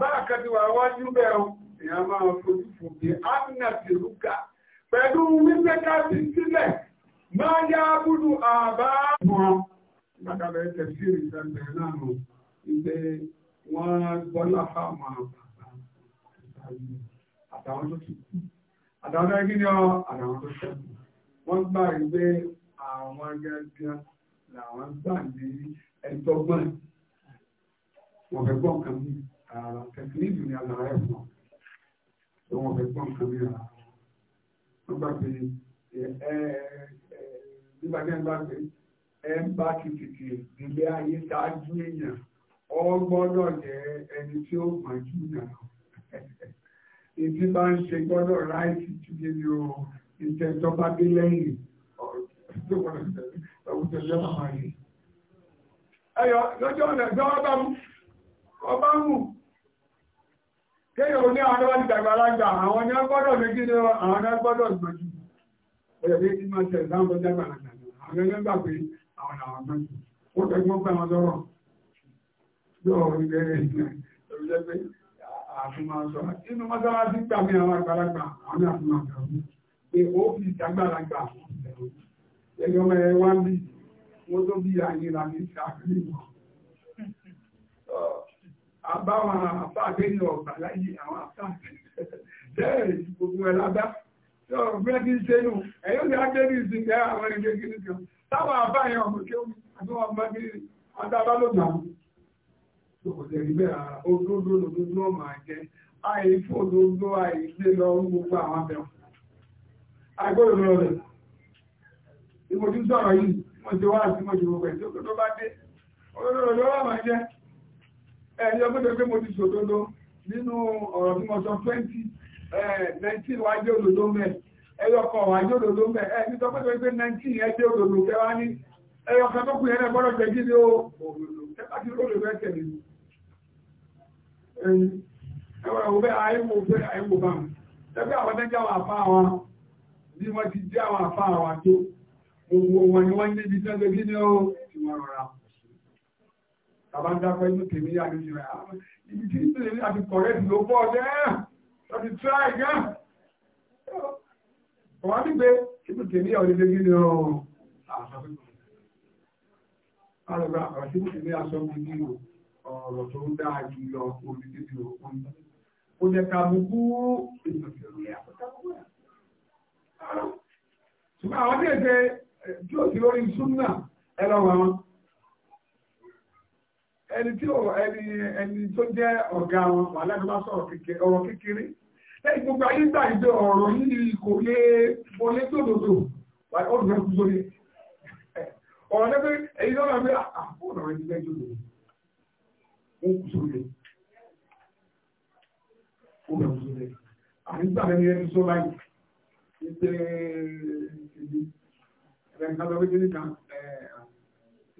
Báàkà ti wà wájú bẹ́ẹ̀ o, èèyàn máa fojú fò pé Amina ti rúkà pẹ̀lú wípé ká fi sílẹ̀ máa yá búdú àbá wọn látàbẹ̀ tẹ̀sí ìrìnlẹ̀ náà nù ilé wọn gbọ́lá fáwọn àbàbà àtàwọn tó ti kú àtàwọn tó kí ni ọ àtàwọn tó ṣẹ́kù wọ́n gbà wípé àwọn gẹ́gẹ́ làwọn gbà ní ẹ̀dọ́gbọ̀n wọ́n fẹ́ gbọ́n ní àtẹ̀sí ìrìnlẹ̀ àlàyé fún wọn wọ́n fẹ́ gbọ́n kan ní àlàyé tó gbà pé nígbà tí wọ́n gbà pé ẹ ń bá kìkìkì nílé ayé ṣáájú èèyàn ọ gbọ́dọ̀ jẹ́ ẹni tí ó mọ̀ jù náà ìdí bá ń ṣe gbọ́dọ̀ ráìsì tí kí ni o ìtẹ̀jọ́ bá dé lẹ́yìn ọ̀rọ̀ lọ́jọ́ ọ̀nà ìjọba bá mú ọba mú kéyàn ní àwọn ọdọ́wọ́ ti dàgbàlagbà àwọn ní ọgbọ́dọ̀ méjì ní àwọn ní ọgbọ́dọ̀ ìgbọ́jú ọjọ́ pé tí máa tẹ̀lé láwọn dàgbàlagbà àwọn ẹgbẹ́ gbà pé àwọn àwọn gbọ́jú ó tẹ̀gbọ́n pé àwọn lọ́rọ̀ yóò rí bẹ́ẹ̀ ẹ̀rọ pé àfihànsọ inú mọ́sálásí gbà àbáwọn àfáàgbé ní ọ̀gbà láyé àwọn àfáàgbé bẹ́ẹ̀ gbogbo ẹ̀ lábá tó bẹ́ẹ̀ kí n ṣe nù ẹ̀yọ́ ti á débi ìsìnkẹ́ àwọn ẹgbẹ́ kiri kan táwọn àbáyẹn ọmọ kí ó àti wọn bá kiri adábá ló gbà wọn. kò tẹ̀ rí bẹ́ẹ̀ rárá òdodo lòdodo ọmọ àjẹ àìfò òdodo àìlè lọ gbogbo àwọn abẹ́wọ̀n. àgbọ̀dọ̀ lọ rẹ̀ ìmọ̀jú sọ̀rọ̀ yìí wọ́n ti wá àti mọ̀jú gbogbo ẹ̀ tó bá dé òdodo lòdodo ọmọ àjẹ ẹni ọgbẹ́dẹ̀ pé mo ti ṣòdodo nínú ọ̀rọ̀ tí mo sọ 20 19 wájú òdodo mẹ́ ẹyọkọ̀ wájú òdodo mẹ́ ẹni tó pẹ́tẹ́ pé 19 ẹjẹ́ òdodo kẹwàá ní ẹyọkọ̀ tó kù yẹn gbọ́dọ̀ jẹ́ gídé o tẹ̀lé bàbá ń dákọ̀ inú tèmi yá ní ìrìn àwọn ibi tí ìṣẹ̀lẹ̀ ní àti kọ̀rẹ́tì ló bọ́ ọdẹ láti tíráì gán. ọ̀wá ní pé inú tèmi yá òde gíní o àlọ́gbà ọ̀rọ̀ tí tèmi yá sọ fún yìí o ọ̀rọ̀ tó ń dáa jù lọ orí títí o ó ń bá. ó jẹ ká mú kú ètò ìrìn àkọ́kọ́ ṣùgbọ́n àwọn tí èdè tí ó ti lórí súnmọ́ ẹ lọ́wọ́ wọn ẹni tí ẹni tó jẹ́ ọ̀gá wọn wà lágbàá sọ̀rọ̀ ọ̀rọ̀ kékeré lẹ́yìn gbogbo ayé gbà ìjọ ọ̀rọ̀ yìí kò lè wọlé tòdòdò ọdún ẹkú sórí ọ̀rọ̀ lẹ́gbẹ́ èyí lọ́nà bí àbúrò rẹ̀ ti lẹ́jọ́ lòdì ó kù sórí ó lọ́wọ́ sórí àrígbà rẹ̀ ni ẹni sọ láyé ìgbẹ́ ẹ̀ẹ́dẹ́gbẹ́ ẹ̀ẹ́dẹ́gbẹ́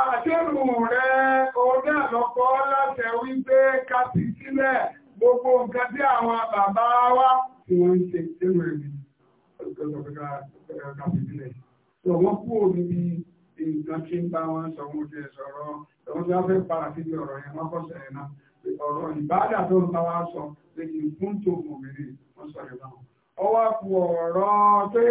Àṣẹ́rù rẹ̀ ọdá lọ́pọ̀ láti wípé kásì sílẹ̀ gbogbo nǹkan tí àwọn bàbá wa tí wọ́n ń ṣe sẹ́rù rẹ̀ kásì sílẹ̀. Sọ wọ́n kú òní bí nǹkan tí ń bá wọn sọ wọ́n ti sọ̀rọ̀ lọ́wọ́n tí wọ́n fẹ́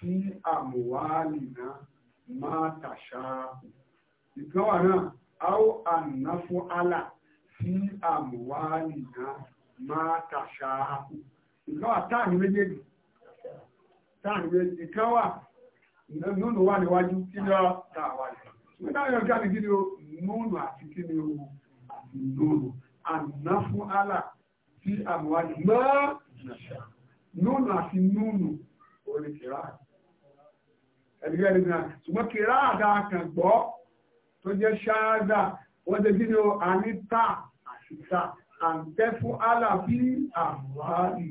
fi àmúwálìná máa tàṣà ìgbọ́wà náà a ó ànáfó àlà fi àmúwálìná máa tàṣà ìgbọ́wà táàrí méjèèjì táàrí méjèèjì ìgbọ́wà nínú wà níwájú kí lọ tàwà rẹ̀ nígbàyàn jáde kí ni o nínú àti kí ni o àti nínú ànáfó àlà fi àmúwálìná máa tàṣà nínú àti nínú orí kìláàsì ẹ̀dùnkẹ́ nìkan ṣùgbọ́n kìrá àdá àkàngbọ́ tó jẹ́ ṣáádà wọ́n ti gíní o àníta àṣìta àǹtẹ́ fún alábí àwárí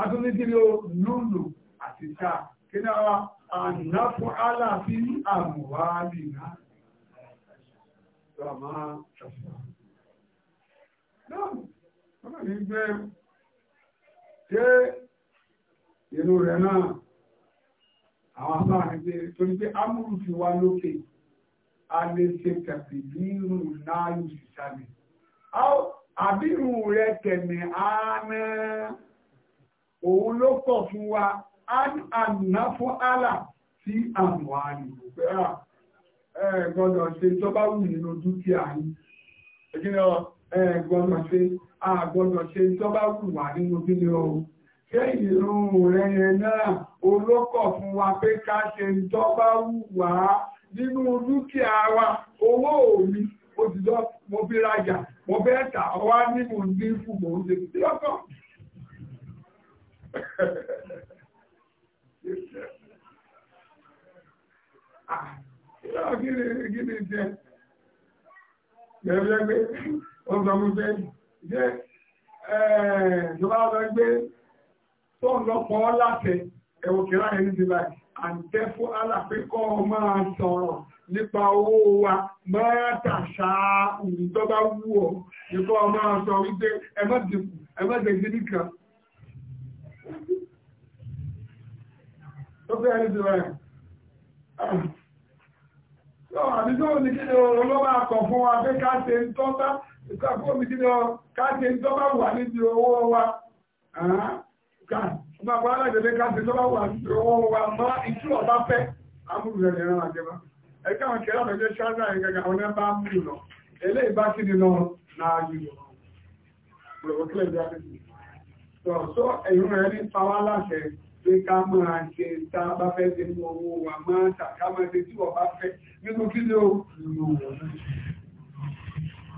àtúndí gíní o lúlù àṣìta kí ni àwọn àná fún alábí àwárí náà ràmá ṣàṣà náà wọ́n ní gbé ṣé ìlú rẹ̀ náà àwọn afáàgbé torí pé amúrù fi wá lókè a lè ṣe kẹfì bí irun náà yóò sì sálẹ̀ àbírù rẹ tẹ̀mí àánà òun ló pọ̀ fún wa àná fún àlà sí àwọn àyìnbó pé ẹ gbọ́dọ̀ ṣe tó bá wù nínú dúkìá yìí ṣe àgbọ́dọ̀ ṣe tó ṣé ìrun rẹ̀ náà olókọ̀ fún wa pé ká ṣe ń tọ́bá wù wá nínú dúkìá wa owó mi ó mo fi rajà mo fẹ́ tà wá nínú nífù mò ń ṣe sí lọ́kọ̀. Gíní gíní jẹ́ gbẹ̀rẹ̀ gbé ọgbọ̀n mo fẹ́ jẹ́ ẹ̀ẹ́dọ́gbà tó ń lọ́pọ̀ láti ẹ̀wọ̀ kìlá ẹni ti báyìí àǹtẹ́fú alápẹ́kọ́ máa sọ̀rọ̀ nípa owó wa máa tàṣà ìrìntọ́bá wú ọ̀ nípa máa sọ wípé ẹmọ́dìkù ẹmọ́dìkù nìkan tó fẹ́ ẹni ti báyìí àbíjọ́ òní kí ni olóbá kọ̀ fún wa pé káṣe ń tọ́bá ìkàkó mi kí ni káṣe ń tọ́bá wà níbi owó wa ká gbogbo aláìsẹ̀lẹ̀ ká ti tọ́lá wà lọ́wọ́ wa mọ́ ìtú ọ̀bá fẹ́ amúlùrẹ̀ lè rán àjẹmá ẹ̀ka àwọn kẹrẹ́ àfẹ́jẹ́ ṣáájú àyẹ̀gẹ̀gẹ̀ àwọn ẹ̀bá amúlù lọ eléyìí bá kí ni lọ náà yìí lọ gbogbo kílẹ̀ bí a ti sọ sọ ẹ̀yìn rẹ̀ ní pawá láṣẹ pé ká máa ṣe tá a bá fẹ́ ṣe mú owó wa máa tà ká máa ṣe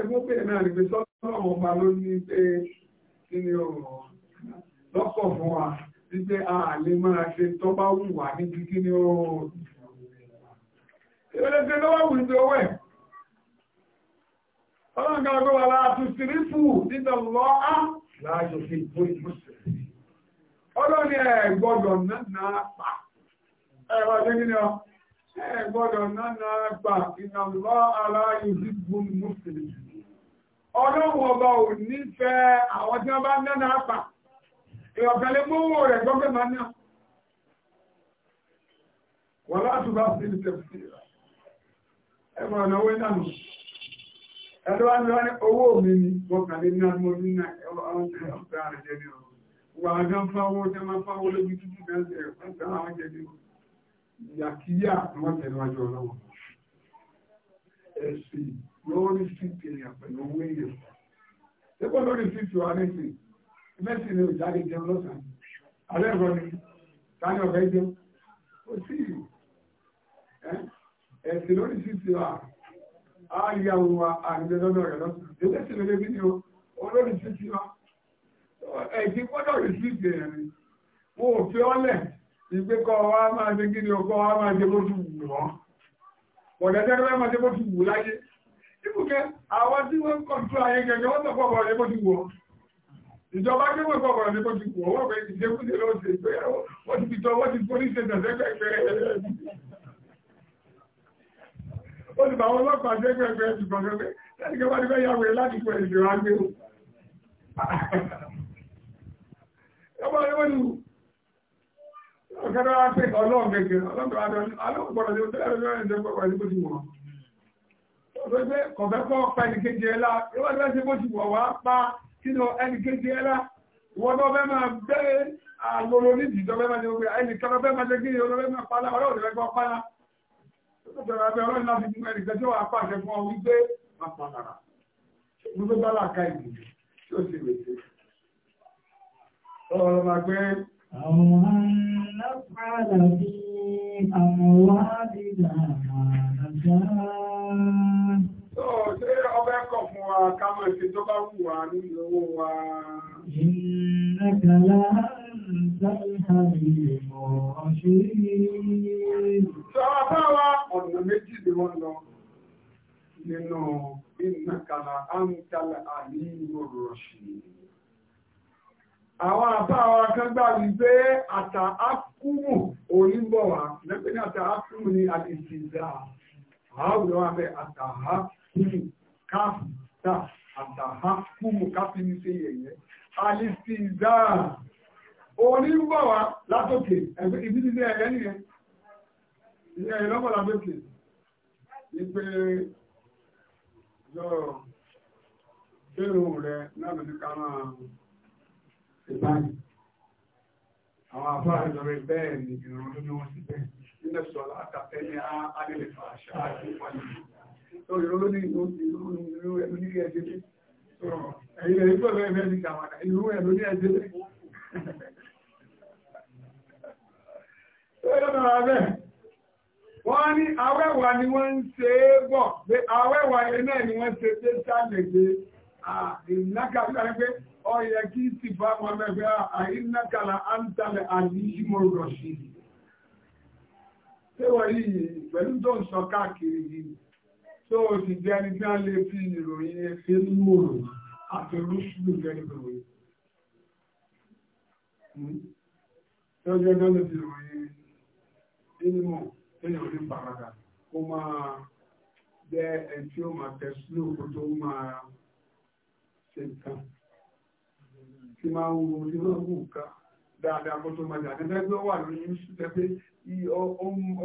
ẹgbẹ́ pé náà nígbè sọ́tọ́ àwọn ọba ló ní pé kí ni ọ̀rọ̀ lọ́kọ̀ fún wa wípé a lè máa ṣe tó bá wù wá níbi kí ni ọ̀rọ̀ ìrẹsẹ̀ lọ́wọ́ wù ní owó ẹ̀ ọlọ́nkà ọgbẹ́ wa lára tún sí rí fù nígbà lọ́ á láàyò fi bó ìbò sí ọlọ́ni ẹ̀ gbọ́dọ̀ náà pa ẹ̀ wá sí kí ni ọ ẹ̀ gbọ́dọ̀ náà pa ìnàlọ́ aláyò fi bó ìbò ọlọ́run ọba ò nífẹ̀ẹ́ àwọn tí wọ́n bá ń dáná àpà ìrọ̀kẹ́lẹ́ mówó rẹ̀ gbọ́gbẹ́ máa ná wọ́n láti bá sí ní tẹ̀sí ẹgbẹ́ ọ̀nà owó ní owó mi ní ní àmọ́ ní ọ̀pẹ́ ẹ̀sìn lórí fífi èèyàn pẹ̀lú owó èèyàn sípò lórí fífi wa lẹ́sìn mẹ́sìn ni òjáde jẹun lọ́sàn-án alẹ́ ẹ̀rọ ni tani ọ̀fẹ́ jẹun ó sì ẹ̀sìn lórí fífi wa á yà wọ àgbẹ̀ lọ́dọ̀ rẹ̀ lọ́sàn-án tó mẹ́sìn lórí fífi wa olórí fífi wa ẹ̀sìn gbọ́dọ̀ rí fífi èèyàn ni wọn ò fi ọ́ lẹ̀ ìgbé kọ́ wa máa ṣe kí ni ọkọ̀ wa máa ṣe bó ti wù wọ́n ọ̀dẹ́dẹ́rẹ́ máa ṣe bó ti wù láyé kẹ́ àwọn tí wọ́n kọ̀tún ayé gẹ̀gẹ̀ wọ́n tọ̀pọ̀ ọ̀rọ̀ ẹgbẹ́ ti wọ̀ ìjọba gbé wọ́n pọ̀pọ̀ ní kọjú wọ̀ wọ́n fẹ́ ìjẹkújẹ ló ṣe pé wọ́n ti fìtọ́ wọ́n ti forí ṣe tẹ̀sẹ́gbẹ̀gbẹ̀ ó ti bá wọn lọ́pàá ṣẹ́gbẹ̀gbẹ̀ ti gbọ̀gbẹ̀ lẹ́nìkan wá ní fẹ́ yàwó láti pẹ̀ ìjọ agbé o ọmọ ẹgbẹ́ ni ọ̀kẹ́rẹ́ wá pé ọlọ́ọ̀gẹ̀gẹ̀ ọlọ́ọ̀gbọ̀rọ̀ ọ̀fẹ́fẹ́ kọ̀fẹ́ kọ́ pa ẹnìkejì ẹlá lọ́wọ́dẹ́ sí bó ti wọ̀ wá pa sínú ẹnìkejì ẹlá wọ́n tó fẹ́ máa bẹ́ẹ̀ àlòrò ní ìdìjọ́ fẹ́ máa ní ogun ẹnìkan fẹ́ máa ṣe kí ni olófẹ́ máa pa láwọn ọ̀rẹ́ ọ̀rẹ́ pa lá tó tọ̀rọ̀ abẹ́ ọlọ́run láti mú ẹnìkan tí wàá pàṣẹ fún ọ wípé máa pa lára mo tó bá láàka ìdìbò tí ó sì rèé ọ̀rọ̀ máa gbé. àwọn aláfààlà bíi àwọn wáàbí làwọn àgbà So ṣé ọbẹ̀ kọ̀ fún wa ká mọ̀ sí tó bá wù wá ní owó wa. Ìrẹ́kàlá Sọ́ọ̀bá wa ọ̀nà méjì ni wọ́n lọ nínú ìnàkàlà àmìkàlà àníyàn rọ̀ṣì. Àwọn àbá wa kan gbà wípé àtà ákúmù onígbọ̀ wa, lẹ́pẹ́ ní àtà ákúmù ni àdìsìdá, àwọn òwúrọ̀ wà àtà ákúmù ní káfíńtà àtàhà kúmù káfíńtà ṣe yẹ̀yẹ́ alìsìdá onígbọ̀ wá látòkè ẹgbẹ́ ibi ti dé ẹ̀yẹ́ nìyẹn ìyẹn ìlọ́pọ̀ látòkè ní pé yọ kéèrò rẹ náà ní ká máa ìbáyìí àwọn àbára ìjọba bẹ́ẹ̀ ni ìrànlọ́dún ni wọ́n ti bẹ́ẹ̀ nílẹ̀ sọ̀rọ̀ àtàtẹ́ ní á nílẹ̀ fàṣà àti ìpàdé tó ìró ló ní ìlú ìlú ẹ̀mí ní ẹ̀jẹ̀ dé ẹ̀yìn ẹ̀yìn tó bẹ́ẹ̀ bẹ́ẹ̀ ní kàwàdà ìlú ẹ̀mí ní ẹ̀jẹ̀ dé. Wọ́n ní awẹ́wà ni wọ́n ń ṣe é bọ̀ pé awẹ́wà yẹn náà ni wọ́n ṣe pé sálẹ̀gbé ìnákàtà pé ọyẹ kí sì bá wọn mẹ́fẹ́ àìnákàlà àǹtàlẹ̀ àdíjímọ̀rọ̀ sí. Ṣé wọ́n yìí pẹ̀lú tó ń sọ káàkiri yìí tó o sì jẹ́ ẹni tí a lè fi ìròyìn ẹsẹ̀ múrò àti rúṣùlù jẹ́ ìròyìn tó hmm? jẹ́ tó lè fi ìròyìn ìmọ̀ tẹ́yàn ní pàràdà ó máa jẹ́ ẹni tí ó máa tẹ̀sílò kó tó máa ṣe nǹkan tí máa ń wo tí máa ń wù ká dáadáa kó tó máa jà nígbà wà lórí ìṣúlẹ̀ pé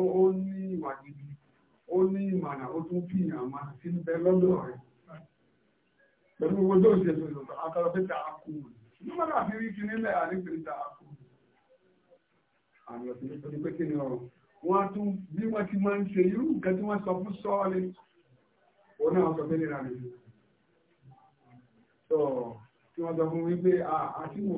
ó ní ìwà gidi ó ní ìmọ̀nà ó tún fi àmà sí bẹ lọ́dọ̀ rẹ̀ pẹ̀lú owó tó ṣe lọ́dọ̀ akọ́lọ́ pé tààkù nígbàdà fi rí kí nílẹ̀ àríkìrí tààkù àlọ́ sí pẹ̀lú pé kí ni ọ̀rọ̀ wọ́n tún bí wọ́n ti máa ń ṣe irú nǹkan tí wọ́n sọ fún sọ́ọ̀lì òun náà sọ pé nira rẹ̀ sọ tí wọ́n sọ fún wípé àti wò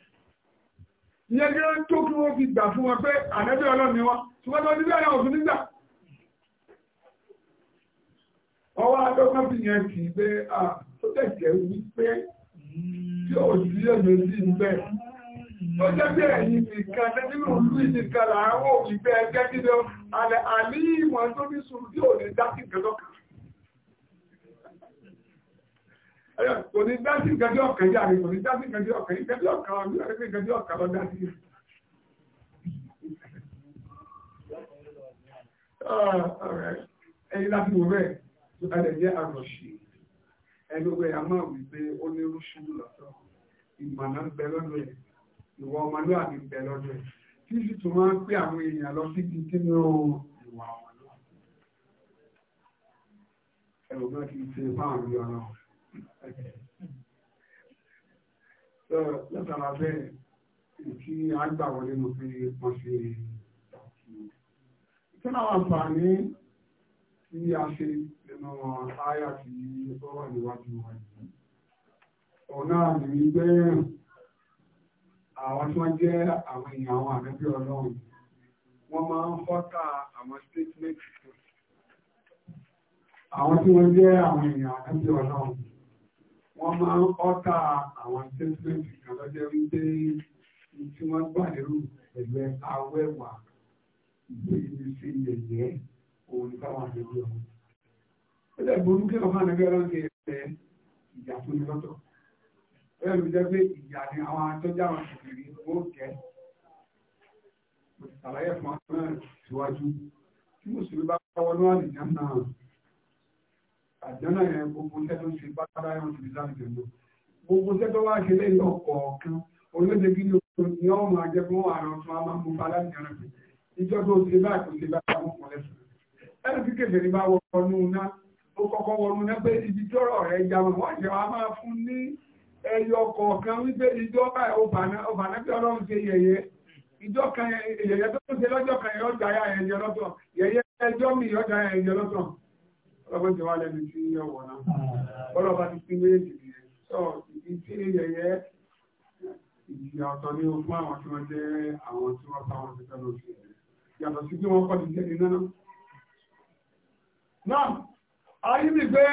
ìyẹn kí wọ́n tó kí wọ́n fi gbà fún wọn pé àdẹ́bí ọlọ́run ni wọ́n ṣùgbọ́n tó níbẹ̀ náà òfin nígbà ọwọ́ adọ́gbọ́n fi yẹn kì í pé à tó tẹ̀sẹ̀ wí pé tí ò sí èdè sí ibẹ̀ tó jẹ́ pé ẹ̀yìn nìkan nínú ìlú ìdíkan làwọn òfin bẹ́ẹ̀ gẹ́gẹ́ bí alẹ́ àlíyìn wọn tó ní sùúrù tí ò ní dá kò ní dá sí nǹkan tí ọkàn yà rẹ̀ kò ní dá sí nǹkan tí ọkàn yìí nǹkan tí ọkàn wọn nígbà tí nǹkan tí ọkàn lọ dá sí. Ah, ẹyin láti wò bẹ́ẹ̀ tó ká jẹ́ àròṣì ẹni wẹ́ a máa wí pé ó ní rúṣù lọ́sọ̀ ìmọ̀nà ń bẹ lọ́dọ̀ ẹ̀ ìwọ ọmọlúwàbí ń bẹ lọ́dọ̀ ẹ̀ kí sì tún máa ń pé àwọn èèyàn lọ sí kíkí ní ìwà ọmọlúwàbí ẹ̀rọ náà kì í ṣe fáwọn ìlú Lọ́tàrà bẹ́ẹ̀ tí a gbà wọlé mo fi pọ̀ sí kí láwọn àǹfààní tí a ṣe nínú àyà tí ó wà níwájú wa Ọ̀nà àmì wípé àwọn tí wọ́n jẹ́ àwọn èèyàn àwọn àmẹ́bí ọlọ́run wọ́n máa ń fọ́ta àwọn statement àwọn tí wọ́n jẹ́ àwọn èèyàn àmẹ́bí ọlọ́run wọ́n máa ń ọ́ta àwọn sẹ́ńtímẹ́ǹtì kan lọ́jọ́ wípé tí wọ́n gbà lérò pẹ̀lú awẹ́wà ìgbéyìí sí yẹ̀yẹ́ òun táwọn àdébí ọ̀hún. ó dẹ̀ burú kí ọ̀hán ẹgbẹ́ ọlọ́ọ̀kẹ́ ẹ̀ ìjà fún mi lọ́tọ̀. ó yẹ kó jẹ́ pé ìjà ni àwọn atọ́jà wọn ti bèrè ó jẹ́. mo ti ṣàlàyé fún ọ náà síwájú tí mùsùlùmí bá wọnú àlìjá náà àjọ́nà yẹn gbogbo iṣẹ́ tó ń ṣe pátá yẹn ti fi sáré jẹ̀mọ́ gbogbo iṣẹ́ tó wá ṣe lẹ́yìn ọ̀kọ̀ọ̀kan olóde kí ni ó máa jẹ́ fún àrùn tó máa mú fa láti ẹran pé ìjọ tó ṣe báyìí kò ṣe báyìí àwọn ọmọ lẹ́sùn ẹni tí kèfèrè bá wọnú ná ó kọ́kọ́ wọnú ná pé ibi tọ́rọ̀ rẹ̀ já wọn wọ́n jẹ́ wọn máa fún ní ẹyọ kọ̀ọ̀kan wípé ìjọ báyìí ọ̀bàná bí ọlọ́run ṣe lọ́gbọ́n ti wá lẹ́nu tí ọ̀wọ̀ náà bọ́lọ̀ bá ti pín méjì nìyẹn sọ ìdí tí yẹyẹ ìjìyà ọ̀tọ̀ ní fún àwọn tí wọ́n jẹ́ àwọn tí wọ́n táwọn ti fẹ́ràn sí yàtọ̀ sí bí wọ́n kọ́ ti jẹ́ ní náà. náà ayé mi gbé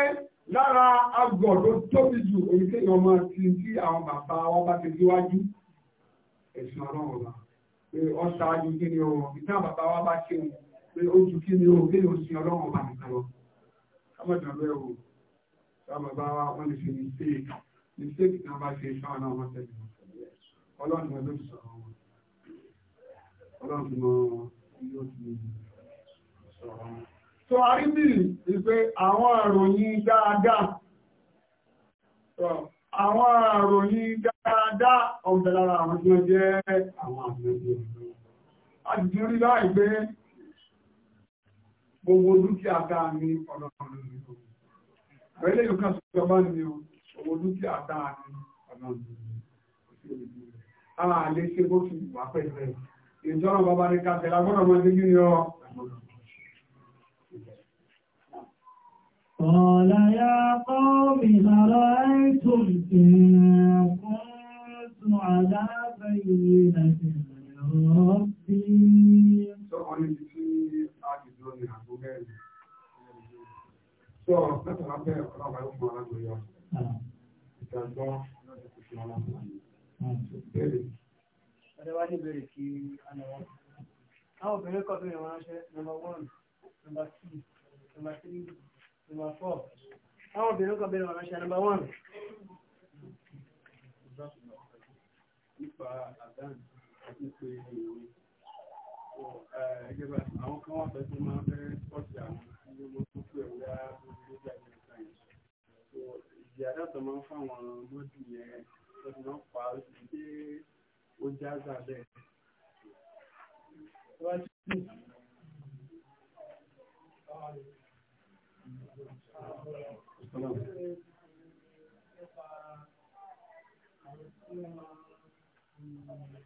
lára agbọ̀ tó tóbi jù èyí kéèyàn máa ti tí àwọn bàbá wọn bá ti díwájú ẹ̀sìn ọlọ́run ọba pé ọ̀sà ayé kí ni o ìtàn bàbá wa bá ṣe pé ó ju kí ni o kéèyàn sin ọlọ́run ọba nìkan lọ kámẹ́tà bẹ́ẹ̀ o sábà bá wa wọ́n lè ṣe mistake mistake náà bá ṣe fún àwọn ọmọ tẹ̀lé ọlọ́run ló ti sọ̀rọ̀ wọn ọlọ́run ti mọ yóò ti sọ̀rọ̀ wọn. so àríbì ìpè àwọn àròyìn dáadáa àwọn àròyìn dáadáa ọ̀bẹ̀ àwọn tí wọ́n jẹ́ àwọn àmì ẹ̀dùn. a ti tún rí láì pé owó dúkìá dáa ní ọlọ́run ní o àwọn eléyìí kan sọ bá ní o owó dúkìá dáa ní ọlọ́run ní o a lè ṣe bó ti wà pẹ̀lú ìjọba bàbá ní ká tẹ̀lé agbọ́dọ̀ mọ́ ní yíyọ. قال يا قوم أرأيتم إن كنت tó ní àgbo mẹ́rin tó mẹ́tàlá bẹ́ẹ̀ ọlọ́pàá yóò fún aláàbò yọ ìjàgbọ́ lọ́dọ̀ kò fún aláàbò bẹ́ẹ̀. ọ̀dọ̀ wá ní ìbéèrè kí a nà wọ́n. àwọn obìnrin kọ́ tó yẹ wọn ránṣẹ́ nọ́mbà one nọ́mbà two nọ́mbà three nọ́mbà four àwọn obìnrin kọ́ bẹ̀rẹ̀ wọn ránṣẹ́ nọ́mbà one. nípa àdáhùn àti pé ìwé àwọn Thank you.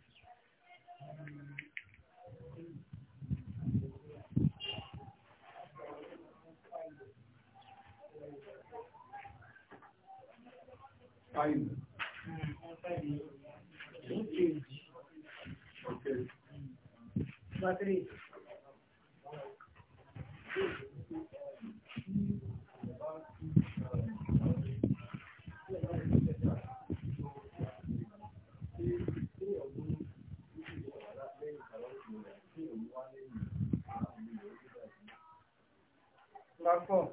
Five. Okay.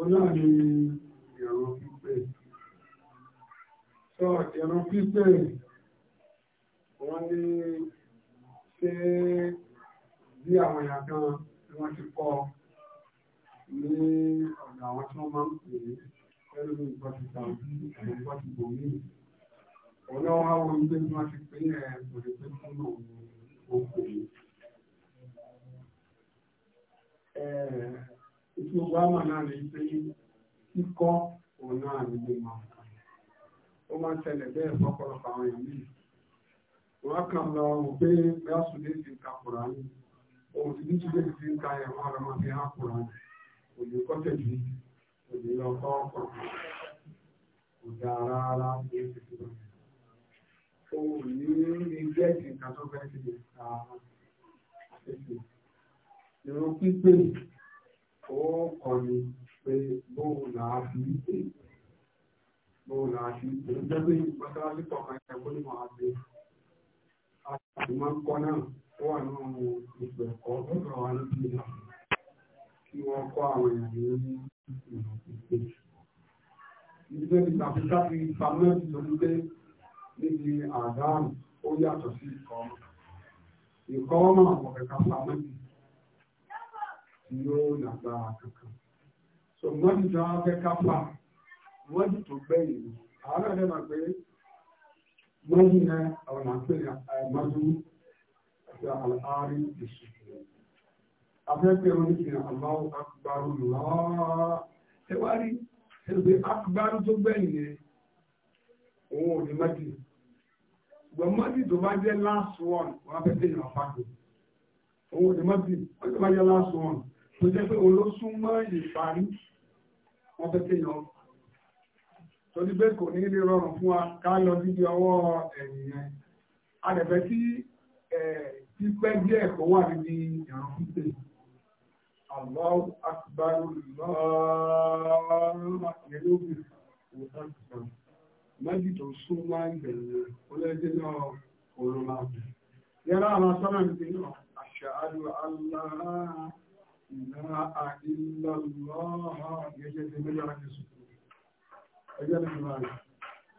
Oláàrin ìrọ̀ pípẹ́. Sọ ìrọ̀ pípẹ́, wọ́n ní ṣé bí àwọn èèyàn kan tí wọ́n ti kọ́ ní ọ̀dọ̀ àwọn tí wọ́n máa ń pè é pẹ̀lú nǹkan ti tàbí nǹkan ti bò mí. Ọlọ́wọ́ á ilé tí wọ́n ti pè é kò lè fún òun ó pè é. tí gbogbo àmà náà lè pé kíkọ́ òun náà ní gbogbo àwọn ó máa ń ṣẹlẹ̀ bẹ́ẹ̀ ka ya òun sì ní sùdé ka ẹ̀wọ̀n ọ̀rọ̀ máa fi hàn Kùránì òye kọ́tẹ̀ bí òye lọ kọ́ ọ̀pọ̀ kò ó kọni pé bóun làá fi dé bóun làá fi dé ó jẹ́ pé mọ́sálásí kọ̀ọ̀kan yẹn bó ní máa dé àti máa ń kọ́ náà ó wà ní àwọn ètò ẹ̀kọ́ tó sọ̀rọ̀ wa lójú ìlà kí wọ́n kọ́ àwọn èèyàn ní ìlú ìgbésẹ̀. ìdílé ní àfikà na lágbára kankan so mmadụ tí wọ́n kapa ká fà mọ́tì tó gbẹ̀yìn àwọn gbe mmadụ na mọ́tì na àwọn náà pè mọ́tì àti àlàárí ìṣòro afẹ́fẹ́ oníṣẹ́ àláwọ̀ akùbárù lọ́ọ́ ẹ wá rí e akùbárù tó gbẹ̀yìn yẹn òun ò mmadụ last one last one. tó jẹ́ pé olóṣùmọ́ ìparí wọ́n fẹ́ kéèyàn torí pé kò ní lè rọrùn fún wa ká lọ síbi ọwọ́ ẹ̀yìn yẹn a lè fẹ́ kí pípẹ́ díẹ̀ kó wà níbi ìrànwọ́ pípé Allahu akbar lọ́ọ́ لا إلا الله يجد مليون يسكت أجل الله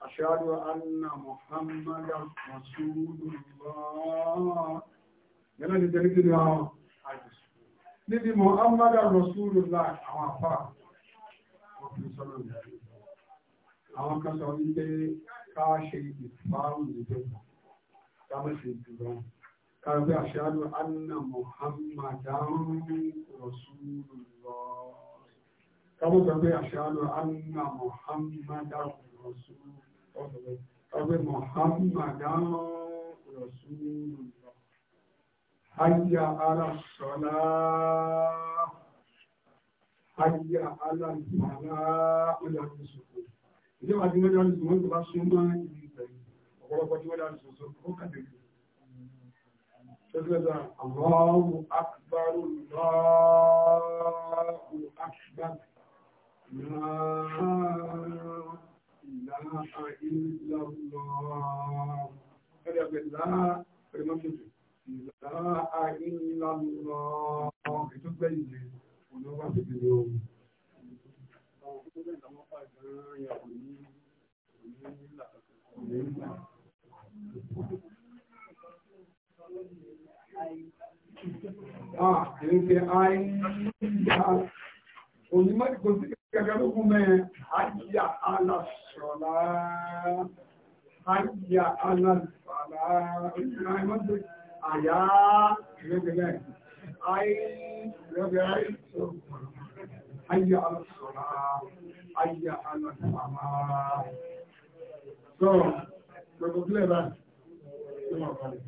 أشهد أن محمدا رسول الله yẹ́nà ti tẹ́lẹ̀ kí ni àwọn àjẹ́sù níbi Muhammadan Rasulullah àwọn afá àwọn kan sọ wípé ká ṣe ìfàrùn ìjọba nke káàbí àṣàlù anna muhammadan rasulullah káàbí sọ pé àṣàlù anna muhammadan rasulullah káàbí muhammadan rasulullah hayya ala sọlá hayya ala ìmọ̀lá ọlọ́run sọ̀rọ̀ ìjọba tí wọ́n dá lùsùn wọ́n tó bá súnmọ́ ìlú ìgbẹ̀yìn ọ̀pọ̀lọpọ̀ tí wọ́n dá lùsùn sọ̀rọ̀ ó kàdé الله أكبر الله أكبر لا إله إلا الله كلمة لا كلمة لا إلا الله تبين ونوع اليوم Thank you. Ah, èyí ṣe àìyá onímọ̀ kò sí gẹ́gẹ́ ló kún mẹ́ àyà alásọ̀lá àyà alásọ̀lá onímọ̀ àìmọ́ sí àyà ìrẹ́gbẹ̀rẹ́ àìrẹ́gbẹ̀rẹ́ ìṣòro àyà alásọ̀lá àyà alásọ̀lá. So, gbogbo kílẹ̀ báyìí, ṣé wọ́n balẹ̀?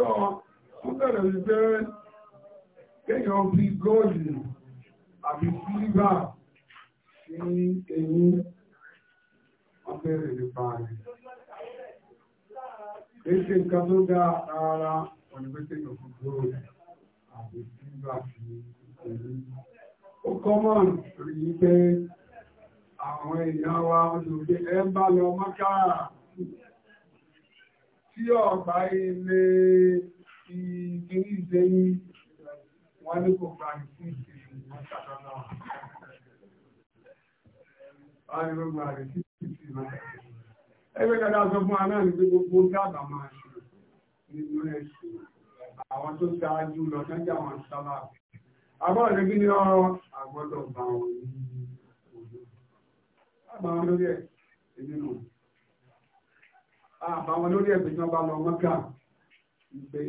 So, ó bẹ̀rẹ̀ wípé kéèyàn fi góòlù àbí sílíbà sí eyín ọbẹ̀rẹ̀ nípa rẹ̀ èsì nǹkan tó dá ara ọ̀nà pé kéèyàn fi góòlù àbí sílíbà sí eyín ó kọ́mọ̀ rí pé àwọn èèyàn wa wọ́n ti rò pé ẹ bá lọ mọ́kàrà tí ọ̀gbà ilé ìgbéríze yìí wọ́n ní kò gbà ìsú ìsìnkú wọn ṣàkàlà wọn. wọ́n ní gbogbo àrẹ sí ìsìnkú wọn. ẹgbẹ́ dada sọ fún wa náà ní pé gbogbo dábàá máa ṣe nínú ẹ̀sìn àwọn tó ṣáájú lọ sẹ́jà wọn sábà. àbọ̀rọ̀ ní kí ni ọ àgbọ̀dọ̀ bá wọn ní òjò àbáwọn lórí ẹ̀sìn tí wọ́n bá lọ mọ́kà ìgbé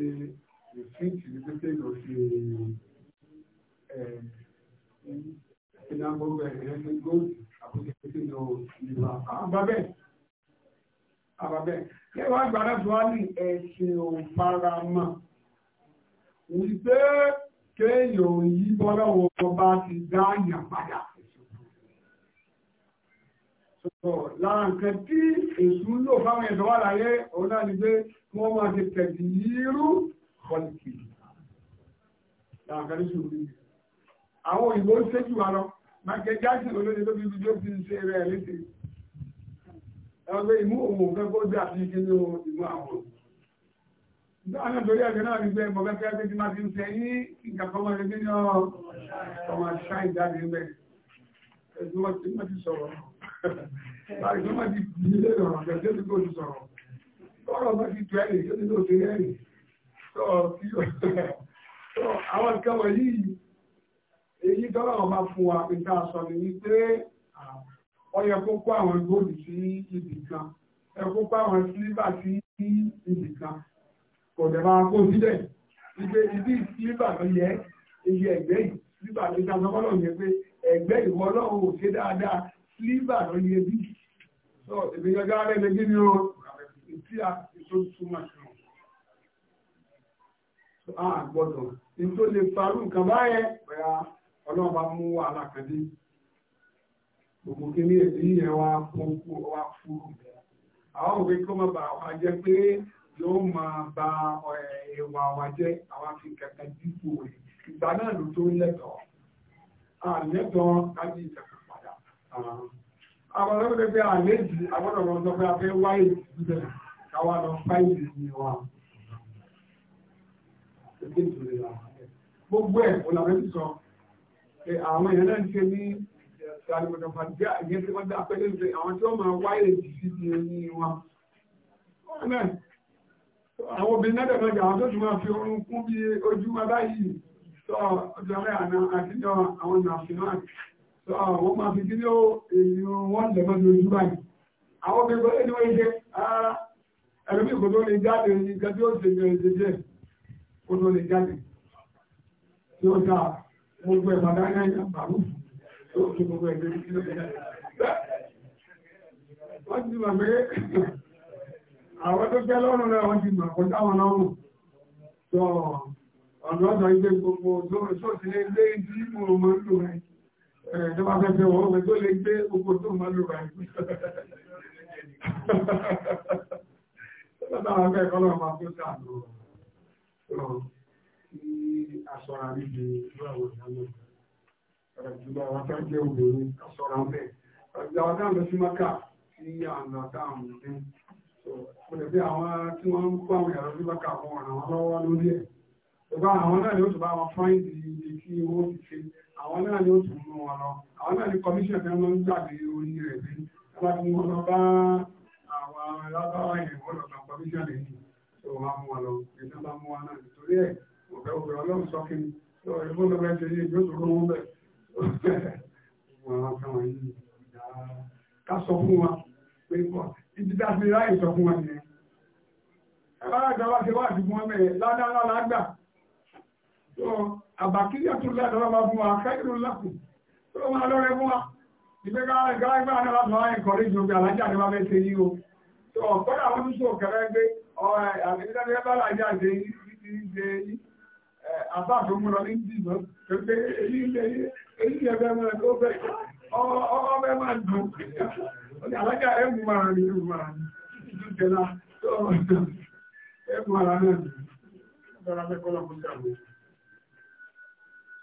rìsíìtì ní pé kéèyàn ṣe ìnáwó ẹ̀ẹ́dẹ́gbẹ́ góòlù àbúté kéèyàn ìlúwa àbábẹ́ àbábẹ́ lẹ́wọ̀n àgbàdo buhari ẹ̀sìn ò fara mọ́ wípé kéèyàn yí bọ́lá wọn bá ti dá àyàn padà tọ̀ lára nǹkan tí èṣù ń lò fáwọn ẹ̀dọ́ wà láyé òun náà ni pé kí wọ́n máa ṣe tẹ̀sí yírú kọ́lìkì lára nǹkan tí èṣù ń lò àwọn òyìnbó ń ṣe jù wá lọ Michael Jackson olóde tó fi ibi tó fi ṣe rẹ̀ léṣe ẹgbẹ́ ìmú òun òun fẹ́ kó dé àti ike ní ìmú àwọn Báwọn torí ẹ̀gbẹ́ náà rí pé mo fẹ́ fẹ́ tí máa ti ń tẹ ní ìgbà máa ṣe ní ọmọ láì tó má ti di ilé ọ̀rọ̀ àgbẹ̀ tó ti kó ti sọ̀rọ̀ tọ́rọ̀ má ti tu ẹ̀rì tó ti tó ti ẹ̀rì tó kí ó tó àwọn nǹkan wọ̀nyí èyí tọ́rọ̀ wọn bá fún wa pé tá a sọ ni wípé ó yẹ kó kó àwọn góòlù sí ibì kan ẹ kó kó àwọn sílíbà sí ibì kan kò dẹ̀ máa kó síbẹ̀ ibi ibi sílíbà ló yẹ iye ẹgbẹ́ yìí sílíbà ló yẹ ẹgbẹ́ ìwọ ọlọ́run ò ṣe dáadáa líbà lọ ní ebí sọ èmi gẹ́gẹ́ ara ẹgbẹ́ gíní o tí a ti tó túmọ̀ sí wọn a gbọ́dọ̀ ní tó lè farú nǹkan báyẹn bẹ́ẹ̀ ọlọ́run bá mú wàhálà kan dé gbogbo kíní èyí yẹn wá kókó wá fúrú àwọn òwe kí wọ́n bá wa jẹ́ pé yóò máa ba ẹwà wa jẹ́ àwọn fi kẹta dípò rẹ̀ ìgbà náà ló tó lẹ́tọ̀ọ́ àlẹ́tọ̀ọ́ kájí ìtẹ̀kọ́. Ah. àwọn ọlọ́pẹ́ pé àlejì agbọ́dọ̀ lọ sọ pé a fẹ́ wáyé ìbílẹ̀ káwá lọ fáìlì ní wa gbogbo ẹ̀ kò làwọn ti sọ pé àwọn èèyàn náà ń ṣe ní ìgbàlùmọ̀dọ̀fà díẹ̀ ìyẹn tí wọ́n dá pẹ́lẹ́ pé àwọn tí wọ́n máa wáyé jì sí ti ẹ̀yìn wa àwọn obìnrin náà dẹ̀mọ́ jà àwọn tó tún máa fi orun kún bí ojú wa báyìí sọ ọjọ́ rẹ̀ àná àtijọ́ àwọn àwọn ah, máa fi kíní ó èèyàn wọ́n lè mọ́ lójú báyìí àwọn ọmọ ẹni wọ́n jẹ́ ah, ẹ̀rọ̀mí kò tó lè jáde nǹkan tí ó ṣe jẹ́ jẹ́ kò tó lè jáde tí ó ta gbogbo ẹ̀fà dáná ẹ̀yà pàrọ̀ tó ṣe gbogbo ẹ̀fẹ́ kí ló lè jáde. wọ́n ti mọ̀ pé àwọn tó jẹ́ lọ́rùn náà wọ́n ti mọ̀ kó táwọn lọ́rùn tó ọ̀nà ọ̀dọ̀ ilé gbogbo tó ṣe lé ilé tí mo máa ń lò rẹ̀ e bá fẹ́ wọ́n wọ́n tó lè gbé oko tó máa lò máa tó jẹ́ obìnrin aṣọ́ra lọ sí àwọn àwọn náà ni ó bá wọn fáìndì tí wọ́n ti ṣe àwọn náà ni ó tún mú wọn lọ àwọn náà ni commission fẹ́ wọ́n ń gbàgbé orí rẹ̀ pé wọ́n ti mú wọn lọ bá àwọn alábáwá yẹn wọ́n lọ gba commission rẹ̀ yìí tó wọ́n mú wọn lọ èyí náà bá mú wọn náà nítorí ẹ̀ ọ̀fẹ́ òfin ọlọ́run sọ kí ni tó ẹ̀ fún ọ̀fẹ́ ṣe yé yóò tó rọ́ wọn bẹ̀ wọ́n wọn fẹ́ wọn yìí ká sọ fún wa pé bọ́ ibi tá a fi ráyè sọ fún wa nìyẹn ẹ̀ bá rà àbàkíyà tó lẹ́tọ́ lọ́wọ́ fún wa kẹ́rù lọ́kùn tó wọ́n lọ́rẹ́ fún wa ìgbé gáàgbà náà láti wáyé kọ̀rí ju bí alájà ní wọ́n fẹ́ ṣe yí o tó ọ̀pọ̀lá àwọn oníṣòwò kẹrẹ́ gbé ọ̀rẹ́ àbẹ̀dẹ́gbẹ́ bá lájà ṣe yí àbá tó mú lọ ní ìdìbò tó gbé èyí lè èyí lè bẹ́ẹ̀ mọ́ ẹ̀kọ́ bẹ́ẹ̀ ọmọ bẹ́ẹ̀ máa dùn alájà ẹ̀ mú mara ní ìlú mara ní ìlú tẹ̀lá tó ẹ̀ mú mara náà ní ọ̀rọ̀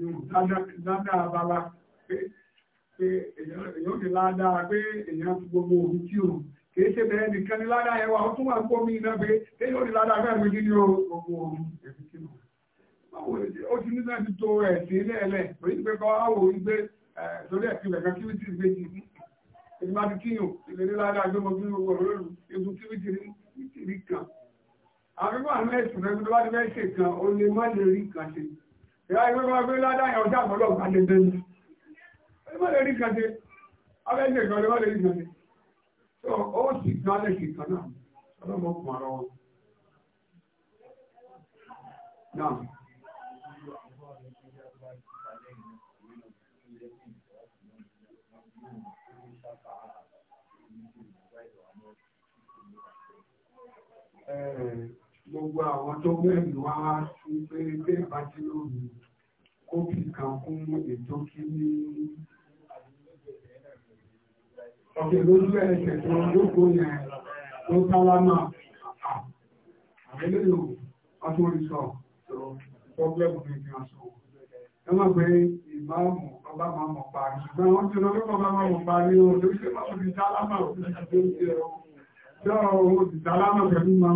ládàá abala pé èèyàn ti ládàá pé èèyàn ti gbogbo òru tí o kì í ṣe bẹ́ẹ̀ nìkan ní ládàá yẹn wà ó tún wà ń gbómi iná pé èèyàn ti ládàá fẹ́ẹ̀ méjì ní gbogbo òru èmi kí lò. ó ti ní láti to ẹ̀sìn lẹ́ẹ̀lẹ̀ òyìn ti pé kọ́ àwò ìgbé sórí ẹ̀sìn rẹ̀ kan kí wọ́n ti méjì ní ìgbà tí kíyàn ìlérí ládàá gbọ́mọ bí gbogbo òru lóru kí wọ́n ti rí kan. àfikún àmì ẹ̀sìn rẹ̀ gbọ́dọ̀ wá ti fẹ́ ṣe kan ó lè má lè rí kan ṣe ìyá ìwé máa gbé ládáyàn ọjà àmọ́lọ́ àlejò ni wọ́n lè rí kan ṣe abẹ́jẹ̀ kan wọ́n lè rí kan ṣe tó ó sì kan lè sì kan náà ọlọ́mọ kùn àrọ wọn. náà Ẹ̀rẹ̀ gbogbo àwọn tó mẹ́rin wá sí pé bẹ́ẹ̀ bá ti lóòrùn kó fi kan kún ètò kí ní ọ̀kẹ́ lójú ẹ̀ṣẹ̀ tó lóko yẹn tó sálámà àbẹ́lẹ́lò ọtún orí sọ pọ́blẹ́mù ní ìfihàn aṣọ ẹ mọ̀ pé ìmáàmù ọba máa mọ̀ parí ṣùgbọ́n wọ́n ti lọ pé ọba máa mọ̀ parí o lórí ṣe máa fi sálámà òfin ṣe ń ṣe ọ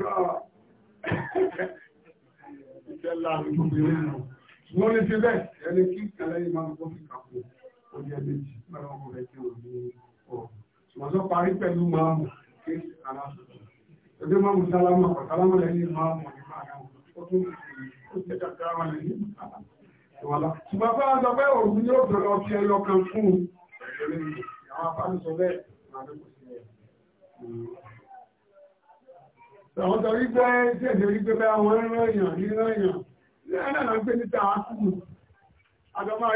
Iṣẹ́ láàrin obìnrin náà. Wọ́n lè ṣe bẹ́ẹ̀, ẹni kí kẹlẹ́yìn máa ń kó fi kàpò, ó jẹ́ méjì, mẹ́rin ọmọ rẹ̀ kí wọ́n ní ọ̀rọ̀. Ṣùgbọ́n tó parí pẹ̀lú máa mọ̀ kí ara sọ̀tọ̀. Ẹgbẹ́ máa mú sálámà, ọ̀sálámà lẹ́yìn máa mọ̀ nípa ara wọn. Ó tún ó jẹ́ kàkà wọn lẹ́yìn ìwàlá. Ṣùgbọ́n bá a sọ pé òun yóò bẹ̀rẹ̀ ọtí ẹyọ kan fún un. Àwọn afáàlù sọ bẹ́ẹ̀. àwọn tọ́rí pé ṣẹ̀ṣẹ̀ rí pé bá wọn èèyàn ríran èèyàn lẹ́yìn náà ń pè ní tààkùmù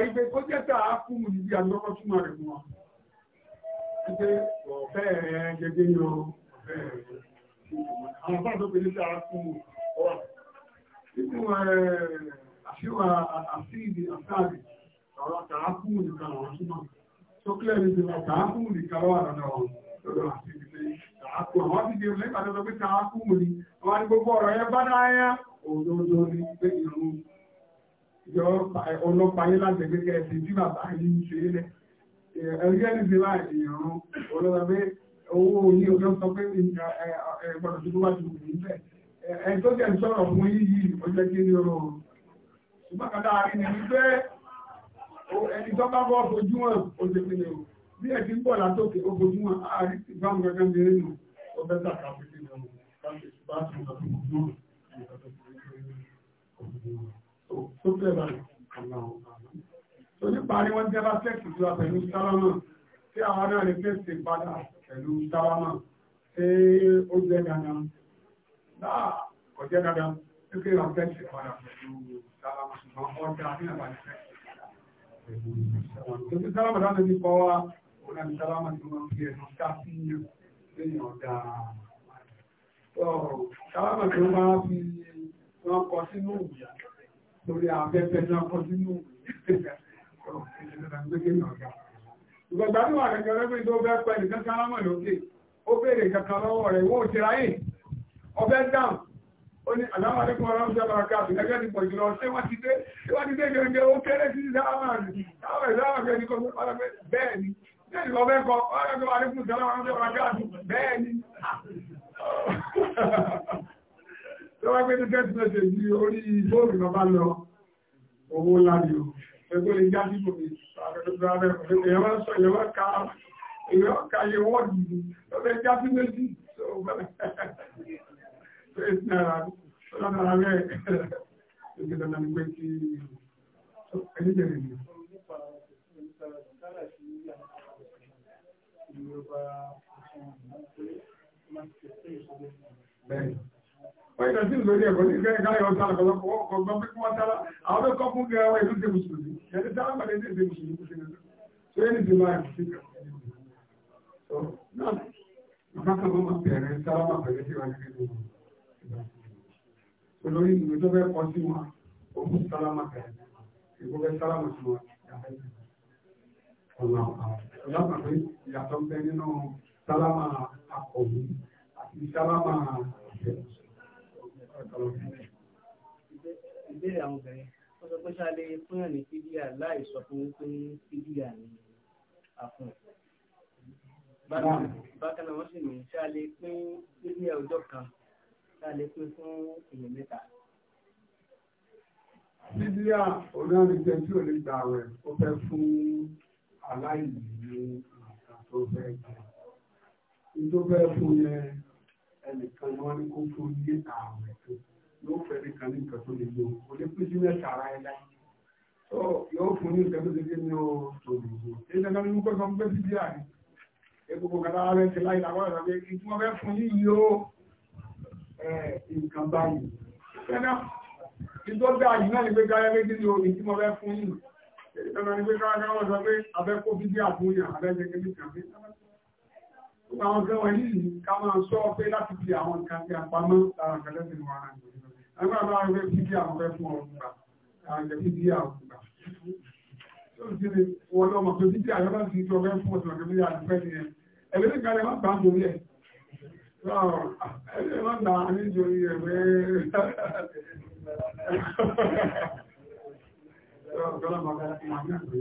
rí pé kó jẹ́ tààkùmù níbi àgbọ́kọ́ túmọ̀ rẹ̀ mọ́ pé ọ̀fẹ́ rẹ̀ gẹ́gẹ́ yọ ọ̀fẹ́ rẹ̀ Àwọn ti dèrò nípa tọ́tọ́ pé tàá kú mú ni, wọ́n ni gbogbo ọ̀rọ̀ yẹn bá dáyá, òdòdó ni pé ìrún yọ ọlọ́pàá yẹ́ láti ẹgbẹ́ kẹsì tí bàbá yìí ń ṣe lẹ̀. Ẹgbẹ́ ní ti láì ìrún ọlọ́pàá pé owó yìí ọjọ́ sọ pé ẹgbọ́dọ̀ tó wá ju òní bẹ̀. Ẹ tó jẹ́ sọ̀rọ̀ fún yíyí ọjọ́ kí ni ọ̀rọ̀. wípé ẹni tó bá bọ́ fojú wọn, ó ti pinnu bí ẹ ti ń bọ̀ látòkè ojoojúmọ́ ààrí ti bá wọn gẹ́gẹ́ bí nínú ọbẹ̀ tàkà fífi lọ́wọ́ láti bá tún lọ sí ọmọ náà tó fẹ́ báyìí àwọn àwọn àwọn. tó nípa ni wọ́n jẹ́ bá tẹ́kì tó pẹ̀lú sálámà tí àwọn náà lè pèsè padà pẹ̀lú sálámà tí ó jẹ́ dandan náà kò jẹ́ dandan tí kí wọ́n pèsè padà pẹ̀lú sálámà òun náà ní sábàmà tí wọ́n fi ẹ̀sùn ká sí lẹ́yìn ọ̀dà sábàmà tí wọ́n máa fi wọ́n kọ sínú lórí abẹ́fẹ́ náà kọ sínú ìgbàgbà ní wà gẹ́gẹ́ rẹ́gbẹ́ tó bẹ́ pẹ́ nìkan sálámà lókè ó béèrè kankan lọ́wọ́ rẹ̀ wọ́n ti ráyè ọbẹ̀ dáhùn ó ní àdámàdékùn ọlọ́run ṣẹ́bàràká àti gẹ́gẹ́ ní pọ̀jùlọ ṣé wọ́n ti dé ṣé wọ́n ti dé gẹ́gẹ́ ó kéré sí sálámà rẹ̀ sálámà rẹ̀ sálámà ní kọ́ Tọ́wọ́ pé ní tẹ́tí mẹ́sẹ̀ yí orí ìfóòrùn lọ bá lọ owó láàrin o. Ẹgbẹ́ lè já sípò mi, ìyẹ̀wọ́ ká ìyẹ̀wọ́ ká yẹ wọ́ọ̀dù mi, lọ́bẹ̀ já sí méjì, tó bẹ̀rẹ̀. Tó èsì náà rà, tó lọ́nà rẹ̀, ẹgbẹ́ Pẹ́ẹ̀tẹ̀ sí lórí ẹ̀kọ́ ní gẹ́gẹ́ gáyọ̀ sára ọ̀pọ̀lọpọ̀ ọkọ̀ gbọ́n pé kí wọ́n sára àwọn tó kọ́ fún gẹ́gẹ́ ẹ̀tún tẹ mùsùlùmí. Ẹni sára pàdé tẹ tẹ mùsùlùmí kú sí ní ṣe é ní ti máa ẹ̀kú sí kẹ́kọ̀ọ́. Náà, ìfákan ló máa bẹ̀rẹ̀ sára máa pẹ̀lú sí wa ní kẹ́kọ̀ọ́ olórí ìlú tó fẹ́ kọ sí wọn òun sálámà kẹrẹ ìgbó fẹ́ sálámà sí wọn ọ̀rọ̀ àwọn ìyàtọ̀ pé ìyàtọ̀ ń bẹ nínú sálámà akọ̀wé àti sálámà ìbéèrè àwọn obìnrin wọ́n sọ pé ṣáàlẹ̀ fúnyàn ní fídíà láì sọ fún pé fídíà ní àfún bákan náà wọ́n sì ní ṣáàlẹ̀ pín fídíà ọjọ́ kan ṣáàlẹ̀ pín fún èèyàn mẹ́ta fídíà onáàrin jẹ́ tí ò lè gbà rẹ̀ ó fẹ́ fún aláìní nǹkan tó fẹ́ jẹ tó fẹ́ fún yẹn ẹnìkan ni wọ́n ní kó fún ní ààwẹ̀ tó yóò fẹ́ nìkan ní nǹkan tó lè lò ó lè pín sí mẹ́ta ara ẹ̀ láì tó yóò fún ní nǹkan tó lè gé ní oòrùn tó lè lò ṣé ní ẹgbẹ́ nípa sọ pé bíbí àrí egbogbo kan lára rẹ̀ ti láì láwọn ọ̀rọ̀ pé kí wọ́n fẹ́ fún yìí yóò nǹkan báyìí. Ìjọba yìí náà ni pé gáyẹ́ Ìjọba ni pé káwàkáwà sọ pé abẹ́kó bíbí àbúyàn abẹ́jẹ́gẹ́ ní kàfí. Àwọn gẹ́wọ̀ yìí ká máa sọ pé láti fi àwọn nǹkan tí a pamọ́ lára kẹlẹ́ sínú ara rẹ̀. Àwọn àbá rẹ̀ fi bí àwọn fẹ́ fún ọ̀run gbà, àwọn ìjẹ́ fi bí àwọn gbà. Tó ti ní wọ́n lọ́mọ pé bíbí àyọ́bá ti jọ fẹ́ fún ọ̀sán kẹlẹ́ yà ní fẹ́ ni Ọlọ́run